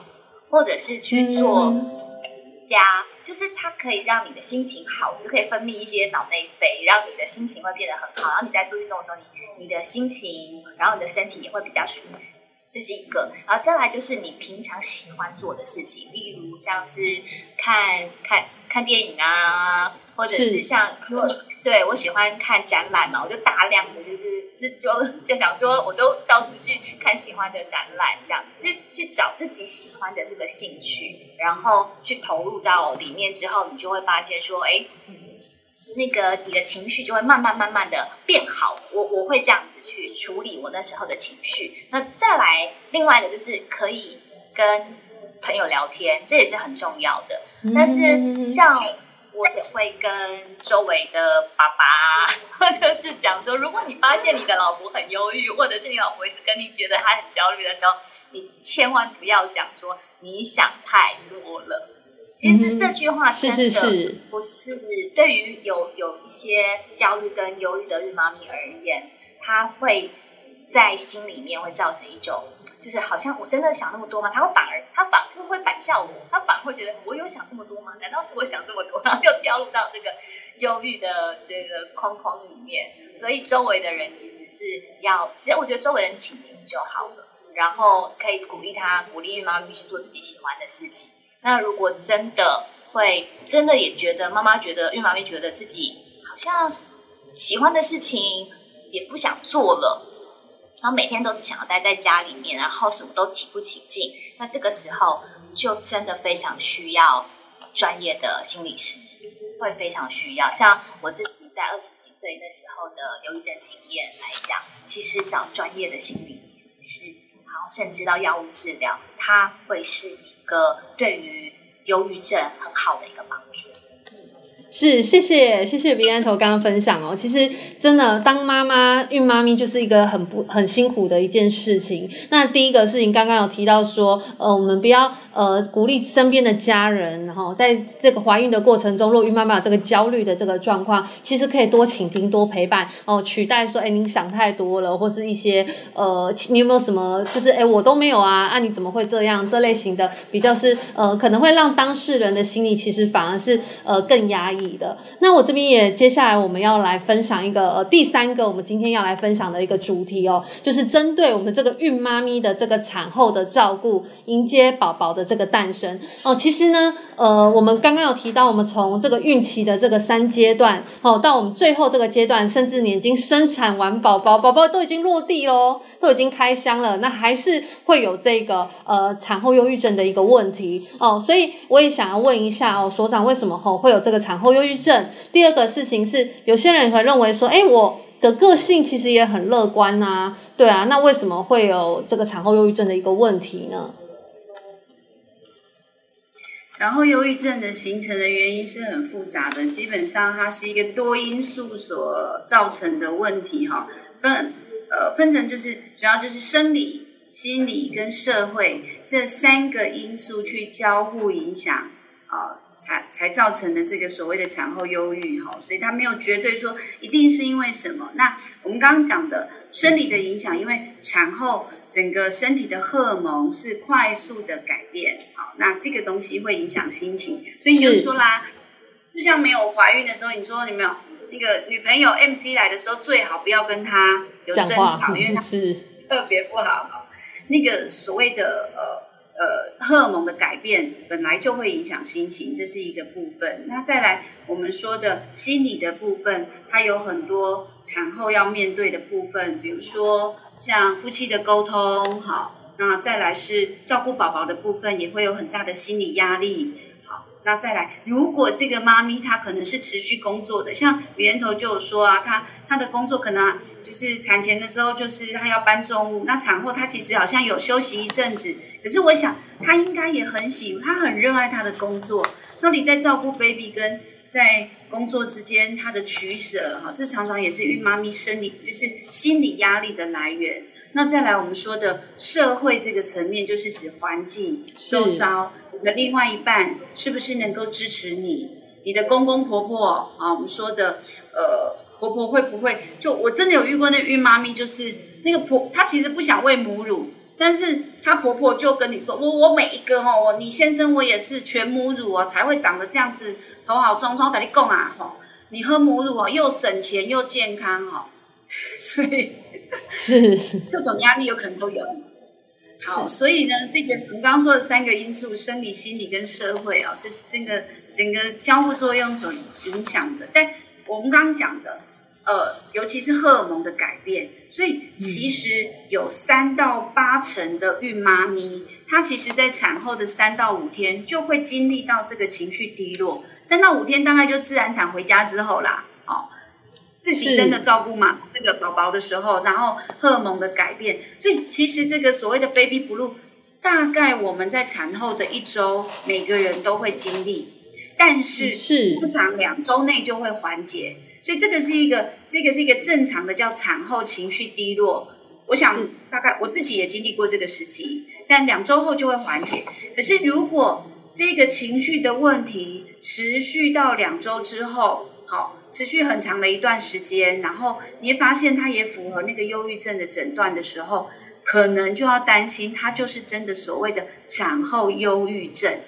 或者是去做瑜伽、嗯呃，就是它可以讓你的心情好，就可以分泌一些腦內啡，讓你的心情會變得很好，然後你在做運動的時候，你你的心情，然後你的身體也會比較舒服。這是一個，然後再來就是你平常喜歡做的事情，例如像是看看看電影啊，或者是像是，或者，對我喜歡看展覽嘛，我就大量的就是就就,就想說，我就到處去看喜歡的展覽，這樣就去找自己喜歡的這個興趣，然後去投入到裡面之後，你就會發現說，哎。嗯那個，你的情緒就會慢慢慢慢的變好。我我會這樣子去處理我那時候的情緒。那再來另外一個就是可以跟朋友聊天，這也是很重要的。但是像我也會跟周圍的爸爸，就是講說，如果你發現你的老婆很憂鬱，或者是你老婆一直跟你覺得她很焦慮的時候，你千萬不要講說你想太多了。其實這句話真的不是對於有有一些焦慮跟憂鬱的孕媽咪而言，她會在心裡面會造成一種，就是好像我真的想那麼多嗎？她會反而她反會會反向我，她反而會覺得我有想這麼多嗎？難道是我想這麼多，然後又掉入到這個憂鬱的這個框框裡面？所以周圍的人其實是要，其實際上我覺得周圍的人傾聽就好了。然後可以鼓勵他，鼓勵孕媽咪去做自己喜歡的事情。那如果真的會，真的也覺得媽媽覺得孕媽咪覺得自己好像喜歡的事情也不想做了，然後每天都只想要待在家裡面，然後什麼都提不起勁。那這個時候就真的非常需要專業的心理師，會非常需要。像我自己在二十幾歲那時候的憂鬱症經驗來講，其實找專業的心理師。然後甚至到藥物治療，它會是一個對於憂鬱症很好的一個幫助。是，謝謝謝謝 Bento 剛剛分享哦。其實真的當媽媽、孕媽咪就是一個很不很辛苦的一件事情。那第一個事情剛剛有提到說，呃，我們不要。呃，鼓勵身邊的家人，然後，哦，在這個懷孕的過程中，若孕媽媽這個焦慮的這個狀況，其實可以多傾聽、多陪伴哦，取代說，哎、欸，您想太多了，或是一些呃，你有沒有什麼？就是哎、欸，我都沒有啊，啊，你怎麼會這樣？這類型的比較是呃，可能會讓當事人的心理其實反而是呃更壓抑的。那我這邊也接下來我們要來分享一個呃第三個我們今天要來分享的一個主題哦，就是針對我們這個孕媽咪的這個產後的照顧，迎接寶寶的。這個誕生哦，其實呢，呃，我們剛剛有提到，我們從這個孕期的這個三階段哦，到我們最後這個階段，甚至你已經生產完寶寶，寶寶都已經落地咯，都已經開箱了，那還是會有這個呃產後憂鬱症的一個問題哦。所以我也想要問一下哦，所長，為什麼吼會有這個產後憂鬱症？第二個事情是，有些人可能認為說，哎，我的個性其實也很樂觀啊，對啊，那為什麼會有這個產後憂鬱症的一個問題呢？然後，憂鬱症的形成的原因是很複雜的，基本上它是一個多因素所造成的問題哈。分呃，分成就是主要就是生理、心理跟社會這三個因素去交互影響，啊、呃，才才造成的這個所謂的產後憂鬱哈。所以它沒有絕對說一定是因為什麼。那我們剛剛講的生理的影響，因為產後整個身體的荷爾蒙是快速的改變。那這個東西會影響心情，所以你就說啦，就像沒有懷孕的時候，你說你沒有那個女朋友 MC 來的時候，最好不要跟他有爭吵，因為他是特別不好。那個所謂的呃呃荷爾蒙的改變本來就會影響心情，這是一個部分。那再來我們說的心理的部分，它有很多產後要面對的部分，比如說像夫妻的溝通，好。那再來是照顧寶寶的部分，也會有很大的心理壓力。好，那再來，如果這個媽咪她可能是持續工作的，像源頭就有說啊，她她的工作可能、啊、就是產前的時候就是她要搬重物，那產後她其實好像有休息一陣子，可是我想她應該也很喜，她很熱愛她的工作。那你在照顧 baby 跟在工作之間她的取捨，哈，這常常也是孕媽咪生理就是心理壓力的來源。那再來，我們說的社會這個層面，就是指環境、周遭。你的另外一半是不是能夠支持你？你的公公婆婆啊，我們說的呃，婆婆會不會？就我真的有遇過那個孕媽咪，就是那個婆，她其實不想餵母乳，但是她婆婆就跟你說：“我我每一個哦，我你先生我也是全母乳哦、喔，才會長得這樣子，頭好壯壯。我跟你講啊、喔，你喝母乳哦、喔，又省錢又健康哦、喔，所以。”是 各種壓力有可能都有，好，所以呢，這個我們剛剛說的三個因素，生理、心理跟社會啊，是整個整個交互作用所影響的。但我們剛剛講的，呃，尤其是荷爾蒙的改變，所以其實有三到八成的孕媽咪，她其實在產後的三到五天就會經歷到這個情緒低落，三到五天大概就自然產回家之後啦。自己真的照顧嘛，那、這個寶寶的時候，然後荷爾蒙的改變，所以其實這個所謂的 baby blue，大概我們在產後的一周，每個人都會經歷，但是，是通常兩周內就會緩解。所以這個是一個，這個是一個正常的叫產後情緒低落。我想大概我自己也經歷過這個時期，但兩周後就會緩解。可是如果這個情緒的問題持續到兩周之後，持續很長的一段時間，然後你發現它也符合那個憂鬱症的診斷的時候，可能就要擔心它就是真的所謂的產後憂鬱症。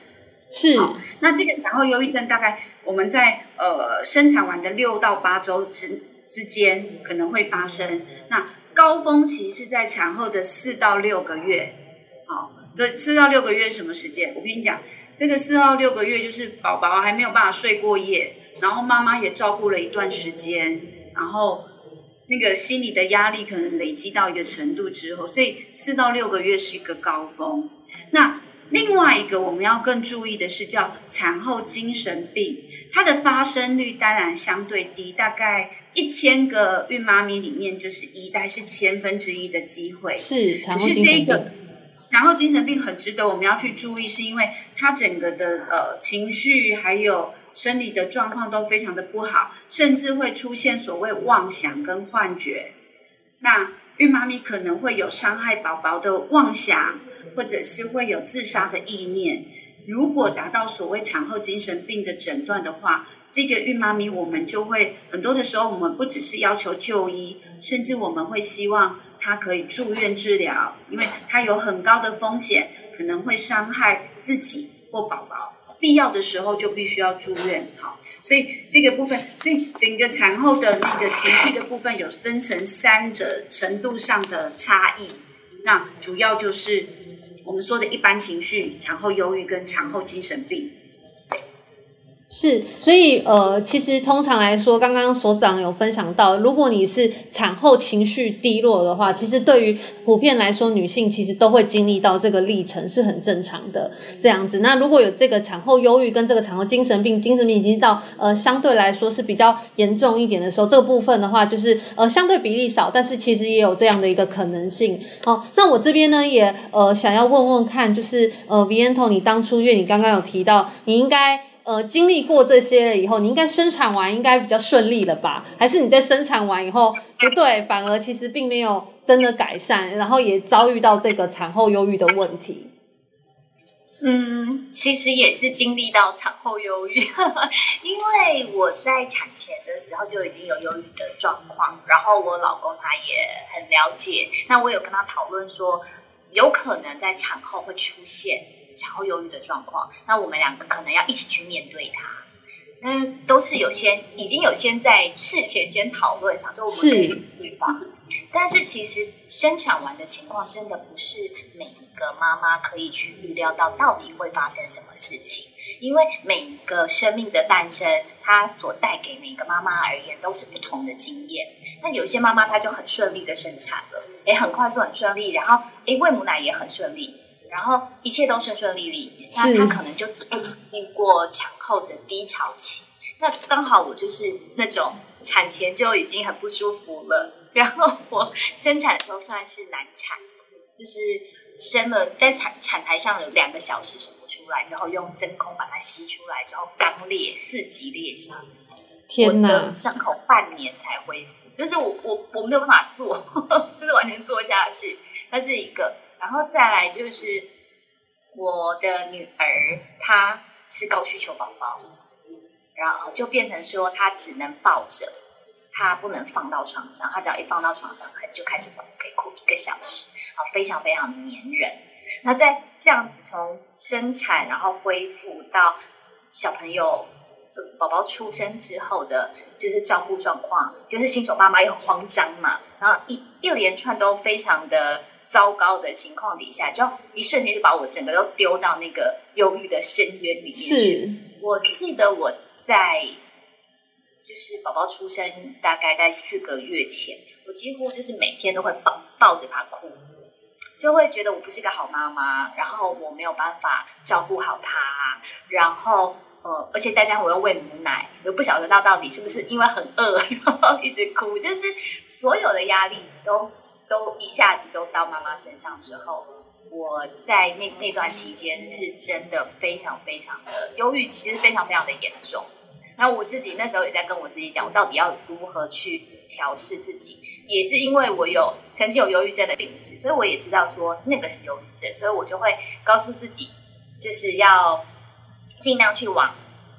是，那這個產後憂鬱症大概我們在呃生產完的六到八周之之間可能會發生，那高峰期是在產後的四到六個月。好，對，四到六個月什麼時間？我跟你講，這個四到六個月就是寶寶還沒有辦法睡過夜。然後媽媽也照顧了一段時間，然後那個心理的壓力可能累積到一個程度之後，所以四到六個月是一個高峰。那另外一個我們要更注意的是叫產後精神病，它的發生率當然相對低，大概一千個孕媽咪裡面就是一，大概是千分之一的機會。是產後精神病。產後精神病很值得我們要去注意，是因為它整個的呃情緒還有，生理的狀況都非常的不好，甚至會出現所謂妄想跟幻覺。那孕媽咪可能會有傷害寶寶的妄想，或者是會有自殺的意念。如果達到所謂產後精神病的診斷的話，這個孕媽咪我們就會很多的時候，我們不只是要求就醫，甚至我們會希望她可以住院治療，因為她有很高的風險，可能會傷害自己或寶寶。必要的時候就必須要住院，好，所以這個部分，所以整個產後的那個情緒的部分有分成三者程度上的差異，那主要就是我們說的一般情緒、產後憂鬱跟產後精神病。是，所以呃，其實通常來說，剛剛所長有分享到，如果你是產後情緒低落的話，其實對於普遍來說，女性其實都會經歷到這個歷程，是很正常的這樣子。那如果有這個產後憂鬱跟這個產後精神病，精神病已經到呃相對來說是比較嚴重一點的時候，這個部分的話，就是呃相對比例少，但是其實也有這樣的一個可能性。哦，那我這邊呢，也呃想要問問看，就是呃 Vincent 你當初因為你剛剛有提到，你應該。呃，經歷過這些了以後，你應該生產完應該比較順利了吧？還是你在生產完以後不對，反而其實並沒有真的改善，然後也遭遇到這個產後憂鬱的問題？嗯，其實也是經歷到產後憂鬱呵呵，因為我在產前的時候就已經有憂鬱的狀況，然後我老公他也很了解，那我有跟他討論說，有可能在產後會出現。超憂鬱的狀況，那我們兩個可能要一起去面對它。嗯，都是有先已經有先在事前先討論，想說我們可以預吧。但是其實生產完的情況，真的不是每一個媽媽可以去預料到到底會發生什麼事情，因為每一個生命的誕生，它所帶給每一個媽媽而言都是不同的經驗。那有些媽媽她就很順利的生產了，也很快速很順利，然後誒餵母奶也很順利。然後一切都順順利利，那他可能就只經歷過產後的低潮期。那剛好我就是那種產前就已經很不舒服了，然後我生產的時候算是難產，就是生了在產產台上有兩個小時生不出來，之後用真空把它吸出來，之後肛裂四級裂傷，天哪，我的傷口半年才恢復，就是我我我沒有辦法做呵呵，就是完全做下去，它是一個。然後再來就是我的女兒，她是高需求寶寶，然後就變成說她只能抱着，她不能放到床上，她只要一放到床上，就開始哭，可以哭一個小時。啊，非常非常黏人。那在這樣子從生產然後恢復到小朋友、呃、寶寶出生之後的，就是照顧狀況，就是新手媽媽又很慌張嘛，然後一一連串都非常的。糟糕的情況底下，就一瞬間就把我整個都丟到那個憂鬱的深淵裡面去。我記得我在就是寶寶出生大概在四個月前，我幾乎就是每天都會抱抱着他哭，就會覺得我不是一個好媽媽，然後我沒有辦法照顧好他，然後呃，而且再加上我又餵母奶，又不曉得那到，到底是不是因為很餓，然後一直哭，就是所有的壓力都。都一下子都到媽媽身上之後，我在那那段期間是真的非常非常的憂鬱，其實非常非常的嚴重。那我自己那時候也在跟我自己講，我到底要如何去調適自己？也是因為我有曾經有憂鬱症的病史，所以我也知道說那個是憂鬱症，所以我就會告訴自己，就是要盡量去往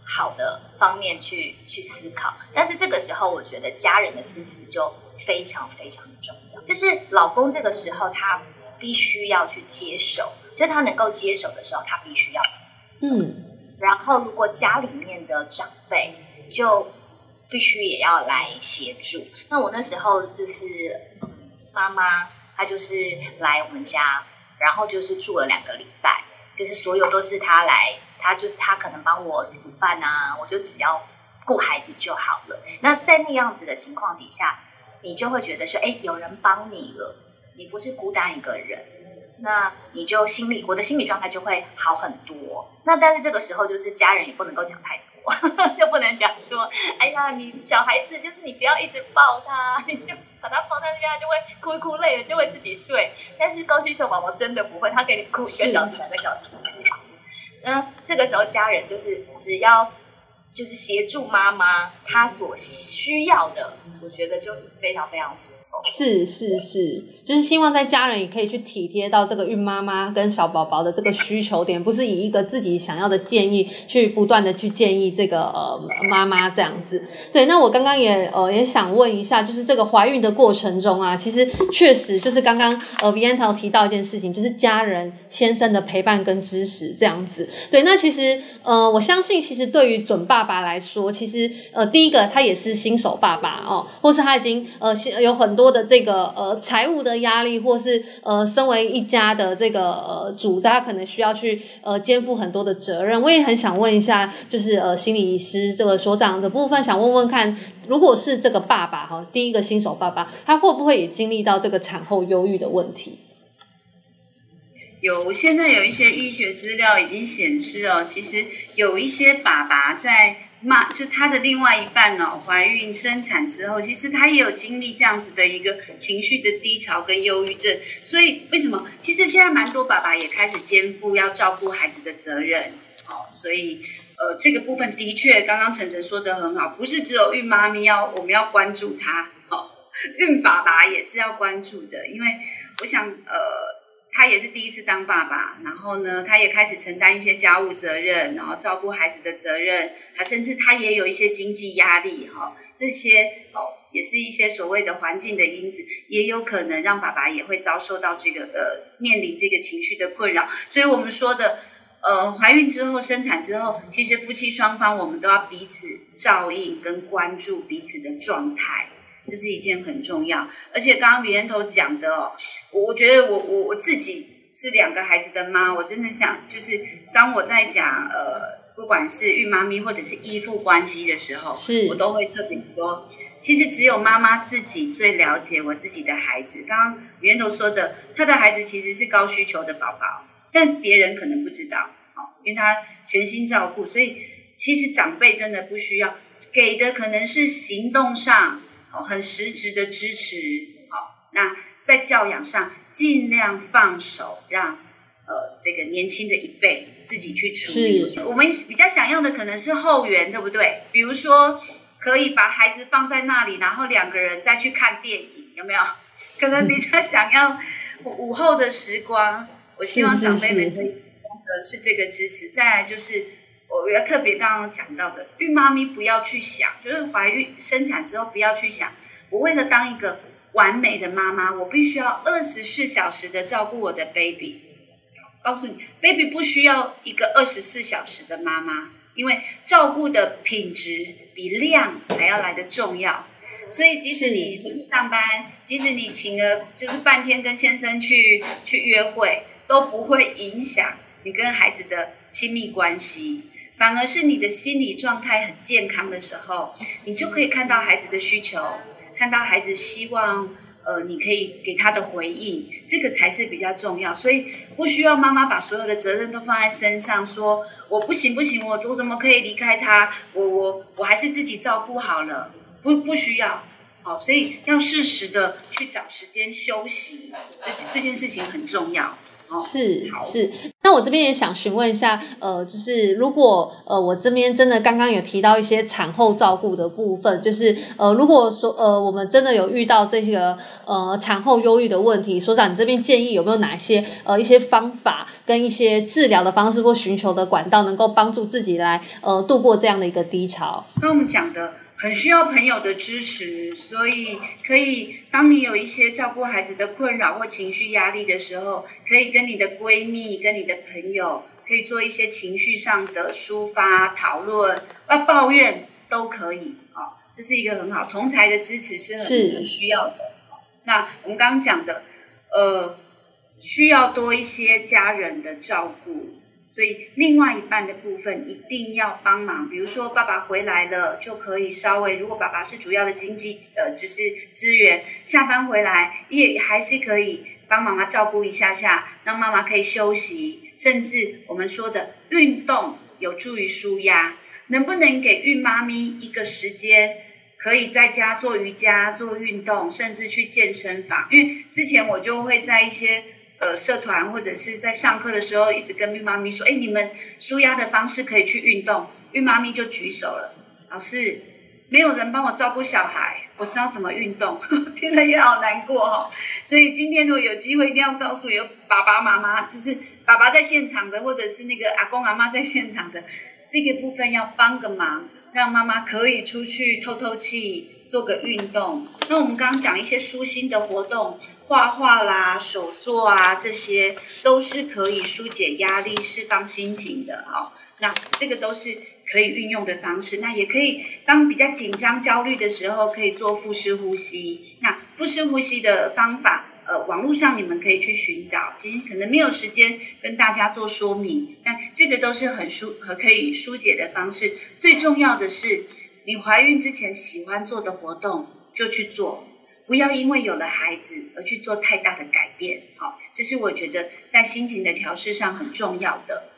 好的方面去去思考。但是這個時候，我覺得家人的支持就非常非常重要。就是老公這個時候，他必須要去接手，就是他能夠接手的時候，他必須要走。嗯，然後如果家裡面的長輩就必須也要來協助。那我那時候就是媽媽，她就是來我們家，然後就是住了兩個禮拜，就是所有都是她來，她就是她可能幫我煮飯啊，我就只要顧孩子就好了。那在那樣子的情況底下，你就會覺得說，哎、欸，有人幫你了，你不是孤單一個人，嗯、那你就心裡，我的心理狀態就會好很多。那但是這個時候，就是家人也不能夠講太多，又 不能講說，哎呀，你小孩子就是你不要一直抱他，嗯、你就把他放在那邊，他就會哭一哭累了就會自己睡。但是高需求寶寶真的不會，他可以哭一個小時、兩個小時嗯，嗯，這個時候家人就是只要。就是協助媽媽，她所需要的，我覺得就是非常非常足。是是是，就是希望在家人也可以去體貼到這個孕媽媽跟小寶寶的這個需求點，不是以一個自己想要的建議去不斷的去建議這個呃媽媽這樣子。對，那我剛剛也呃也想問一下，就是這個懷孕的過程中啊，其實確實就是剛剛呃 Vianta 提到一件事情，就是家人先生的陪伴跟支持這樣子。對，那其實呃我相信，其實對於準爸爸來說，其實呃第一個他也是新手爸爸哦，或是他已經呃有很多的這個呃財務的壓力，或是呃身為一家的這個、呃、主，大家可能需要去呃肩負很多的責任。我也很想問一下，就是呃心理醫師這個所長的部分，想問問看，如果是這個爸爸哈，第一個新手爸爸，他會不會也經歷到這個產後憂鬱的問題？有，現在有一些醫學資料已經顯示哦，其實有一些爸爸在。媽，就她的另外一半呢、哦，懷孕生產之後，其實她也有經歷這樣子的一個情緒的低潮跟憂鬱症。所以為什麼？其實現在蠻多爸爸也開始肩負要照顧孩子的責任，哦，所以呃，這個部分的確，剛剛晨晨說的很好，不是只有孕媽咪要，我們要關注她，哦，孕爸爸也是要關注的，因為我想呃。他也是第一次當爸爸，然後呢，他也開始承擔一些家務責任，然後照顧孩子的責任，他甚至他也有一些經濟壓力哈，哦，這些哦也是一些所謂的環境的因子，也有可能讓爸爸也會遭受到這個呃面臨這個情緒的困擾，所以我們說的呃懷孕之後生產之後，其實夫妻雙方我們都要彼此照應跟關注彼此的狀態。這是一件很重要，而且剛剛別人頭講的哦，我我覺得我我我自己是兩個孩子的媽，我真的想就是當我在講呃，不管是孕媽咪或者是依附關係的時候，是，我都會特別說，其實只有媽媽自己最了解我自己的孩子。剛剛別人頭說的，她的孩子其實是高需求的寶寶，但別人可能不知道，哦，因為她全心照顧，所以其實長輩真的不需要給的，可能是行動上。哦、很實質的支持，好、哦，那在教養上盡量放手讓，讓呃這個年輕的一輩自己去處理。我們比較想要的可能是後援，對不對？比如說可以把孩子放在那裡，然後兩個人再去看電影，有沒有？可能比較想要，嗯、午後的時光。我希望長輩們可以是是這個支持。再來就是。我要特別剛剛講到的，孕媽咪不要去想，就是懷孕生產之後不要去想，我為了當一個完美的媽媽，我必須要二十四小時的照顧我的 baby。告訴你，baby 不需要一個二十四小時的媽媽，因為照顧的品質比量還要來得重要。所以即使你上班，即使你請了就是半天跟先生去去約會，都不會影響你跟孩子的親密關係。反而是你的心理狀態很健康的時候，你就可以看到孩子的需求，看到孩子希望，呃，你可以給他的回應，這個才是比較重要。所以不需要媽媽把所有的責任都放在身上，說我不行不行，我我怎麼可以離開他？我我我還是自己照顧好了，不不需要。好，哦，所以要適時的去找時間休息，這這件事情很重要。哦、是是，那我這邊也想詢問一下，呃，就是如果呃，我這邊真的剛剛有提到一些產後照顧的部分，就是呃，如果說呃，我們真的有遇到這些呃產後憂鬱的問題，所長你這邊建議有沒有哪些呃一些方法跟一些治療的方式或尋求的管道，能夠幫助自己來呃度過這樣的一個低潮？那我們講的。很需要朋友的支持，所以可以，當你有一些照顧孩子的困擾或情緒壓力的時候，可以跟你的閨蜜、跟你的朋友，可以做一些情緒上的抒發、討論、抱怨，都可以。哦，這是一個很好同儕的支持是，很，是很需要的。那我們剛剛講的，呃，需要多一些家人的照顧。所以另外一半的部分一定要幫忙，比如說爸爸回來了就可以稍微，如果爸爸是主要的經濟呃就是資源，下班回來也還是可以幫媽媽照顧一下下，讓媽媽可以休息，甚至我們說的運動有助於舒壓，能不能給孕媽咪一個時間，可以在家做瑜伽、做運動，甚至去健身房？因為之前我就會在一些。呃，社團或者是在上課的時候，一直跟孕媽咪說：“哎、欸，你們舒壓的方式可以去運動。”孕媽咪就舉手了。老師，沒有人幫我照顧小孩，我是要怎麼運動？呵呵，聽得也好難過哦。所以今天如果有機會，一定要告訴有爸爸媽媽，就是爸爸在現場的，或者是那個阿公阿媽在現場的，這個部分要幫個忙，讓媽媽可以出去透透氣。做個運動，那我們剛剛講一些舒心的活動，畫畫啦、手作啊，這些都是可以紓解壓力、釋放心情的。好，那這個都是可以運用的方式。那也可以，當比較緊張、焦慮的時候，可以做腹式呼吸。那腹式呼吸的方法，呃，網路上你們可以去尋找。其實可能沒有時間跟大家做說明，那這個都是很舒和可以紓解的方式。最重要的是。你懷孕之前喜歡做的活動就去做，不要因為有了孩子而去做太大的改變。好，這是我覺得在心情的調適上很重要的。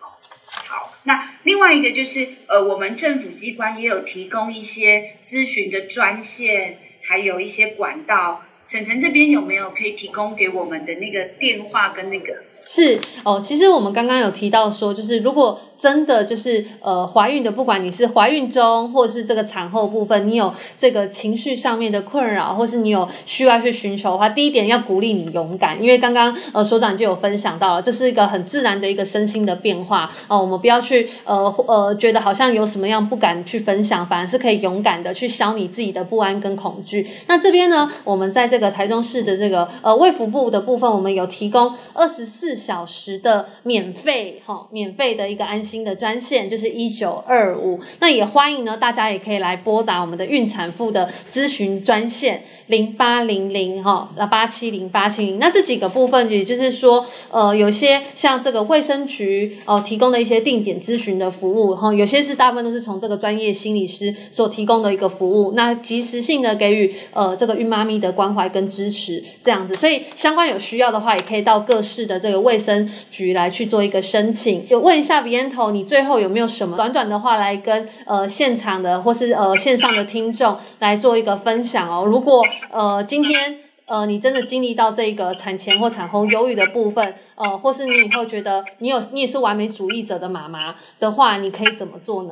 好，那另外一個就是呃，我們政府機關也有提供一些諮詢的專線，還有一些管道。晨晨這邊有沒有可以提供給我們的那個電話跟那個？是哦，其實我們剛剛有提到說，就是如果。真的就是呃，懷孕的，不管你是懷孕中或是這個產後部分，你有這個情緒上面的困擾，或是你有需要去尋求的話，第一點要鼓勵你勇敢，因為剛剛呃所長就有分享到了，這是一個很自然的一個身心的變化哦、呃，我們不要去呃呃覺得好像有什麼樣不敢去分享，反而是可以勇敢的去消你自己的不安跟恐懼。那這邊呢，我們在這個台中市的這個呃衛福部的部分，我們有提供二十四小時的免費、呃、免費的一個安心。新的專線就是一九二五，那也歡迎呢，大家也可以來撥打我們的孕產婦的諮詢專線。零八零零哈，那八七零八七零，那這幾個部分，也就是說，呃，有些像這個衛生局哦、呃、提供的一些定點諮詢的服務，哈、呃，有些是大部分都是從這個專業心理師所提供的一個服務，那及時性的給予呃這個孕媽咪的關懷跟支持，這樣子，所以相關有需要的話，也可以到各市的這個衛生局來去做一個申請。就問一下 Viento 你最後有沒有什麼短短的話來跟呃現場的或是呃線上的聽眾來做一個分享哦？如果呃，今天呃，你真的經歷到這個產前或產後憂鬱的部分，呃，或是你以後覺得你有你也是完美主義者的媽媽的話，你可以怎麼做呢？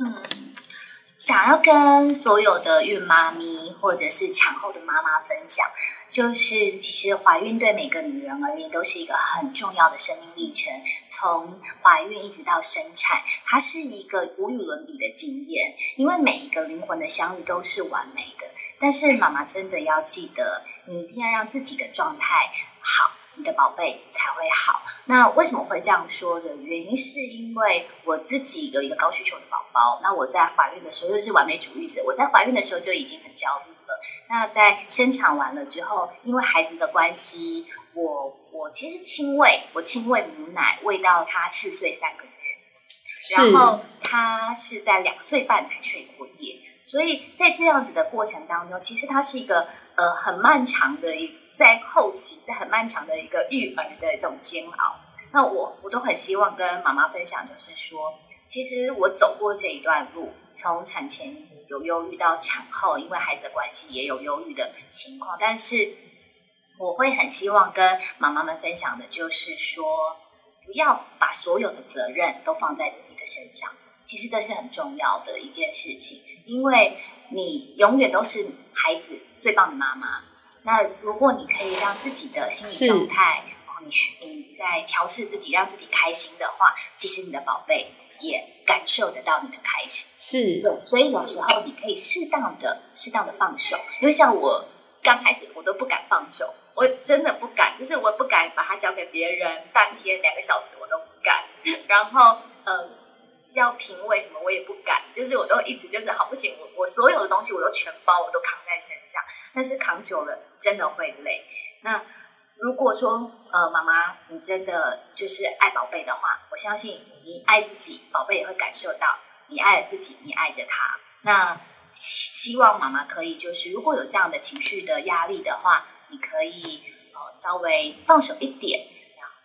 嗯，想要跟所有的孕媽咪或者是產後的媽媽分享，就是其實懷孕對每個女人而言都是一個很重要的生命歷程，從懷孕一直到生產，它是一個無與倫比的經驗，因為每一個靈魂的相遇都是完美。但是媽媽真的要記得，你一定要讓自己的狀態好，你的寶貝才會好。那為什麼會這樣說的？原因是因為我自己有一個高需求的寶寶。那我在懷孕的時候就是完美主義者，我在懷孕的時候就已經很焦慮了。那在生產完了之後，因為孩子的關係，我我其實親餵，我親餵母奶餵到他四歲三個月，然後他是在兩歲半才睡過夜。所以在這樣子的過程當中，其實它是一個呃很漫長的一，在後期，在很漫長的一個育兒的一種煎熬。那我我都很希望跟媽媽分享，就是說，其實我走過這一段路，從產前有憂鬱到產後，因為孩子的關係也有憂鬱的情況。但是我會很希望跟媽媽們分享的，就是說，不要把所有的責任都放在自己的身上。其實這是很重要的一件事情，因為你永遠都是孩子最棒的媽媽。那如果你可以讓自己的心理狀態，然後你去你在調適自己，讓自己開心的話，其實你的寶貝也感受得到你的開心。是，對。所以有時候你可以適當的、適當的放手，因為像我剛開始，我都不敢放手，我真的不敢，就是我不敢把它交給別人半天兩個小時，我都不敢。然後，嗯、呃。要評委什麼，我也不敢。就是我都一直就是好不行，我我所有的東西我都全包，我都扛在身上。但是扛久了真的會累。那如果說呃媽媽你真的就是愛寶貝的話，我相信你愛自己，寶貝也會感受到你愛自己，你愛着他。那希望媽媽可以就是，如果有這樣的情緒的壓力的話，你可以呃稍微放手一點，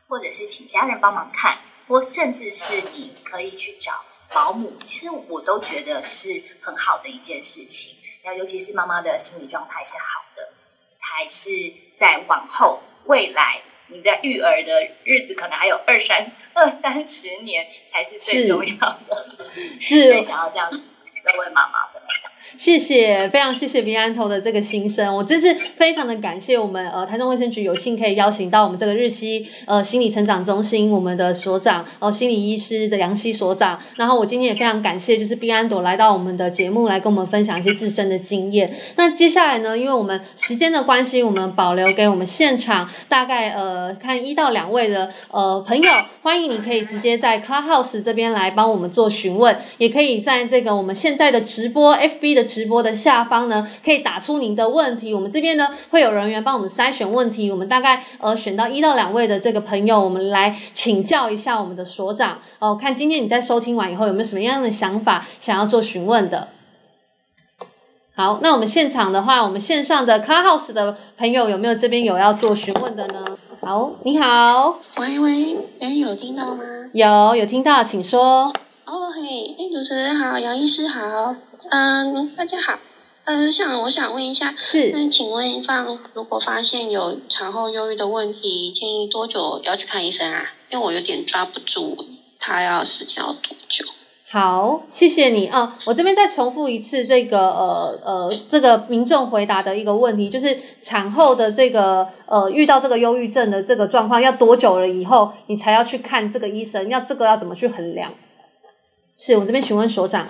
或者是請家人幫忙看。我甚至是你可以去找保姆，其實我都覺得是很好的一件事情。那尤其是媽媽的心理狀態是好的，才是在往後未來，你在育兒的日子可能還有二三二三十年，才是最重要的。 所以想要這樣子各位媽媽。謝謝，非常謝謝碧安朵的這個心聲，我真是非常的感謝我們呃台中衛生局有幸可以邀請到我們這個日西呃心理成長中心我們的所長哦、呃、心理醫師的楊希所長，然後我今天也非常感謝就是碧安朵來到我們的節目來跟我們分享一些自身的經驗。那接下來呢，因為我們時間的關係，我們保留給我們現場大概呃看一到兩位的呃朋友，歡迎你可以直接在 Clubhouse 這邊來幫我們做詢問，也可以在這個我們現在的直播 FB 的。直播的下方呢，可以打出您的問題，我們這邊呢會有人員幫我們篩選問題，我們大概呃選到一到兩位的這個朋友，我們來請教一下我們的所長哦。看今天你在收聽完以後有沒有什麼樣的想法想要做詢問的。好，那我們現場的話，我們線上的 Clubhouse 的朋友有沒有這邊有要做詢問的呢？好，你好，喂喂，哎，有聽到嗎？有，有聽到，請說。哦嘿，哎，主持人好，楊醫師好。嗯，大家好。嗯，像我想問一下，是那請問一下，如果發現有產後憂鬱的問題，建議多久要去看醫生啊？因為我有點抓不住他要時間要多久。好，謝謝你啊。哦，我這邊再重複一次這個呃呃這個民眾回答的一個問題，就是產後的這個呃遇到這個憂鬱症的這個狀況要多久了以後你才要去看這個醫生？要這個要怎麼去衡量？是我這邊請問所長。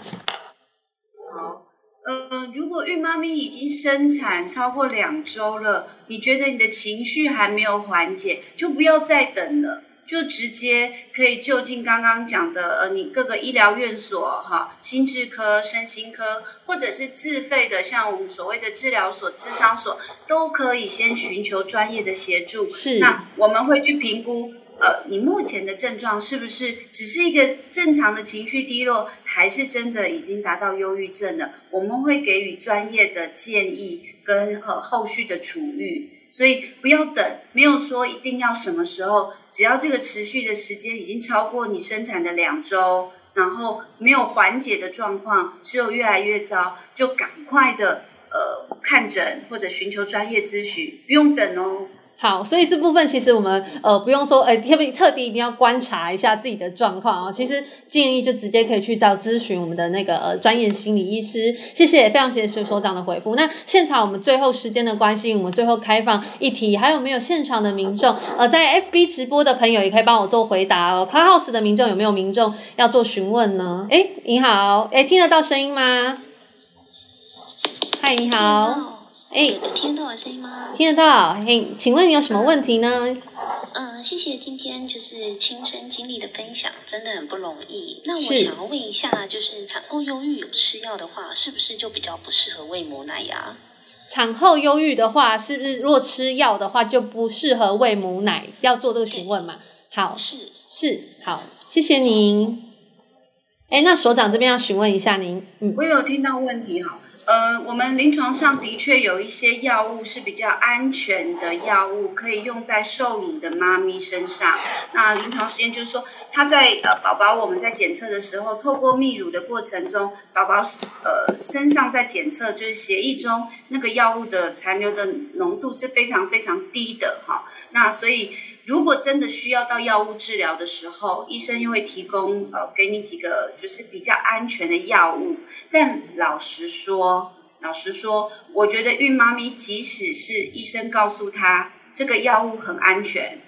呃，如果孕媽咪已經生產超過兩周了，你覺得你的情緒還沒有緩解，就不要再等了，就直接可以就近剛剛講的呃，你各個醫療院所哈，心智科、身心科，或者是自費的像我們所謂的治療所、諮商所，都可以先尋求專業的協助。是，那我們會去評估。呃，你目前的症狀是不是只是一個正常的情緒低落，還是真的已經達到憂鬱症了？我們會給予專業的建議跟呃後續的處遇，所以不要等，沒有說一定要什麼時候，只要這個持續的時間已經超過你生產的兩周，然後沒有緩解的狀況，只有越來越糟，就趕快的呃看診或者尋求專業諮詢，不用等哦。好，所以這部分其實我們呃不用說，誒特別特地一定要觀察一下自己的狀況哦。其實建議就直接可以去找諮詢我們的那個呃專業心理醫師。謝謝，非常謝謝徐所長的回復。那現場我們最後時間的關係，我們最後開放一題，還有沒有現場的民眾呃在 FB 直播的朋友也可以幫我做回答哦。Clubhouse 的民眾有沒有民眾要做詢問呢？哎，你好，誒聽得到聲音嗎？嗨，你好。哎、欸，聽得到我聲音嗎聽得到，嘿，請問你有什麼問題呢？嗯，謝謝今天就是親身經歷的分享，真的很不容易。那我想要問一下，是就是產後憂鬱有吃藥的話，是不是就比較不適合餵母奶呀？、啊？產後憂鬱的話，是不是如果吃藥的話就不適合餵母奶？要做這個詢問嗎？好，是是，好，謝謝您。哎、欸，那所長這邊要詢問一下您，嗯，我有聽到問題哈。呃，我們臨床上的確有一些藥物是比較安全的藥物，可以用在授乳的媽咪身上。那臨床實驗就是說，它在呃寶寶我們在檢測的時候，透過泌乳的過程中，寶寶呃身上在檢測就是血液中那個藥物的殘留的濃度是非常非常低的哈、哦。那所以。如果真的需要到藥物治療的時候，醫生又會提供呃給你幾個就是比較安全的藥物。但老實說，老實說，我覺得孕媽咪即使是醫生告訴她這個藥物很安全，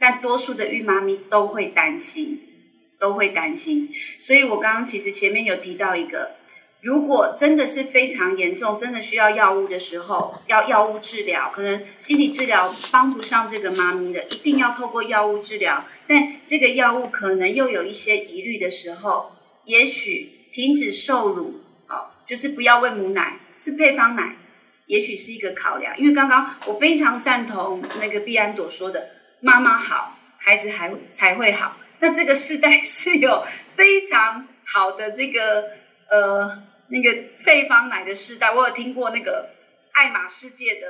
但多數的孕媽咪都會擔心，都會擔心。所以我剛剛其實前面有提到一個。如果真的是非常嚴重，真的需要藥物的時候，要藥物治療，可能心理治療幫不上這個媽咪的，一定要透過藥物治療。但這個藥物可能又有一些疑慮的時候，也許停止授乳，哦，就是不要餵母奶，吃配方奶，也許是一個考量。因為剛剛我非常贊同那個碧安朵說的，媽媽好，孩子還才會好。那這個世代是有非常好的這個，呃。那個配方奶的世代，我有聽過那個愛馬仕界的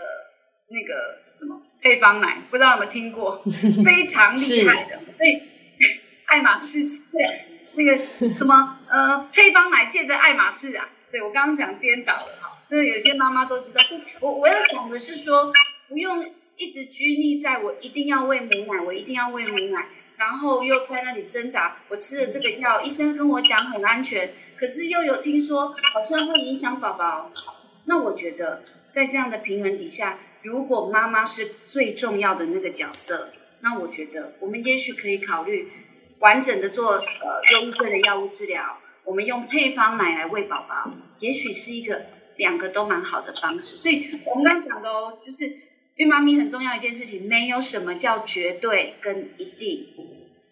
那個什麼配方奶，不知道有沒有聽過， 非常厲害的。所以 愛馬仕界 對，那個什麼呃配方奶界的愛馬仕啊，對，我剛剛講顛倒了哈，就是有些媽媽都知道。所以我我要講的是說，不用一直拘泥在我一定要餵母奶，我一定要餵母奶。然後又在那裡掙扎。我吃了這個藥，醫生跟我講很安全，可是又有聽說好像會影響寶寶。那我覺得，在這樣的平衡底下，如果媽媽是最重要的那個角色，那我覺得我們也許可以考慮完整的做呃用這個的藥物治療，我們用配方奶來餵寶寶，也許是一個兩個都蠻好的方式。所以我們剛剛講的哦，就是。孕媽咪很重要一件事情，沒有什麼叫絕對跟一定，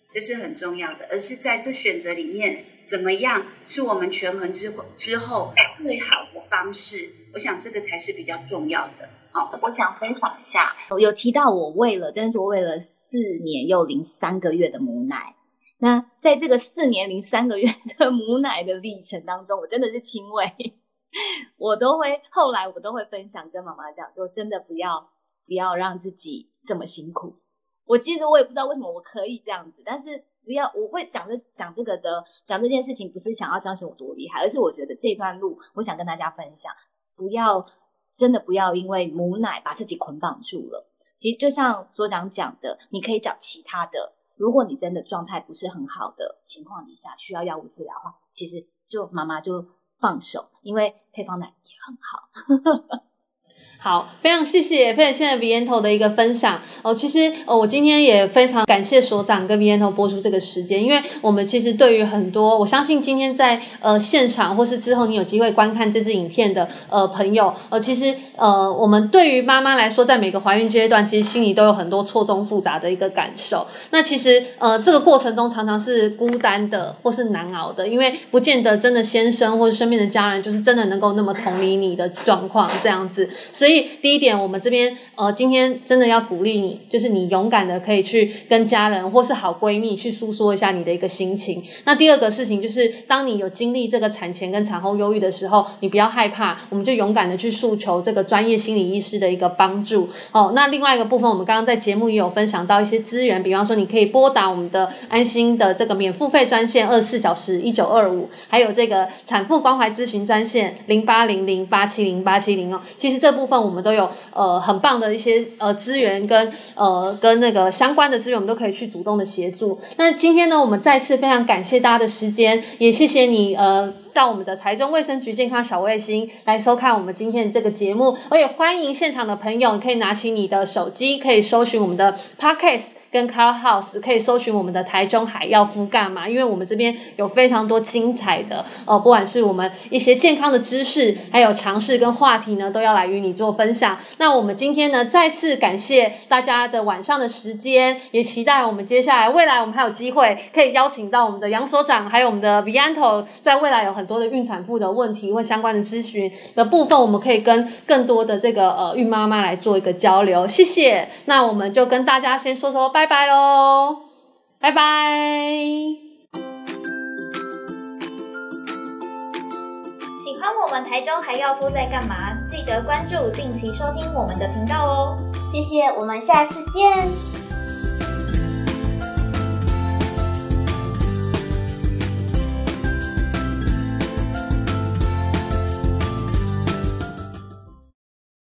這是很重要的，而是在這選擇裡面，怎麼樣是我們權衡之之後最好的方式？我想這個才是比較重要的。好，我想分享一下，我有提到我餵了，真的是我餵了四年又零三個月的母奶。那在這個四年零三個月的母奶的歷程當中，我真的是親餵，我都會後來我都會分享跟媽媽講，說真的不要。不要讓自己這麼辛苦。我其實我也不知道為什麼我可以這樣子，但是不要，我會講這講這個的，講這件事情不是想要彰顯我多厲害，而是我覺得這一段路我想跟大家分享，不要真的不要因為母奶把自己捆綁住了。其實就像所長講的，你可以找其他的。如果你真的狀態不是很好的情況底下需要藥物治療的話，其實就媽媽就放手，因為配方奶也很好。 好，非常謝謝，非常謝謝 Viento 的一個分享。哦、呃，其實呃，我今天也非常感謝所長跟 Viento 播出這個時間，因為我們其實對於很多，我相信今天在呃現場或是之後你有機會觀看這支影片的呃朋友，呃，其實呃，我們對於媽媽來說，在每個懷孕階段，其實心裡都有很多錯綜複雜的一個感受。那其實呃，這個過程中常常是孤單的或是難熬的，因為不見得真的先生或者身邊的家人就是真的能夠那麼同理你的狀況這樣子，所以。所以第一點，我們這邊呃，今天真的要鼓勵你，就是你勇敢的可以去跟家人或是好閨蜜去訴說一下你的一個心情。那第二個事情就是，當你有經歷這個產前跟產後憂鬱的時候，你不要害怕，我們就勇敢的去訴求這個專業心理醫師的一個幫助。哦，那另外一個部分，我們剛剛在節目也有分享到一些資源，比方說你可以撥打我們的安心的這個免付費專線二十四小時一九二五，還有這個產婦關懷諮詢專線零八零零八七零八七零哦。其實這部分。我們都有呃很棒的一些呃資源跟呃跟那個相關的資源，我們都可以去主動的協助。那今天呢，我們再次非常感謝大家的時間，也謝謝你呃到我們的台中衛生局健康小衛星來收看我們今天的這個節目，我也歡迎現場的朋友，你可以拿起你的手機，可以搜尋我們的 Podcast。跟 Clubhouse 可以搜尋我們的台中海藥膚幹嘛？因為我們這邊有非常多精彩的呃，不管是我們一些健康的知識，還有常識跟話題呢，都要來與你做分享。那我們今天呢，再次感謝大家的晚上的時間，也期待我們接下來未來，我們還有機會可以邀請到我們的楊所長，還有我們的 Vianto，在未來有很多的孕產婦的問題或相關的諮詢的部分，我們可以跟更多的這個呃孕媽媽來做一個交流。謝謝，那我們就跟大家先說說拜。拜拜嘍，拜拜！喜歡我們台中還要不在幹嘛？記得關注，定期收聽我們的頻道哦。謝謝，我們下次見。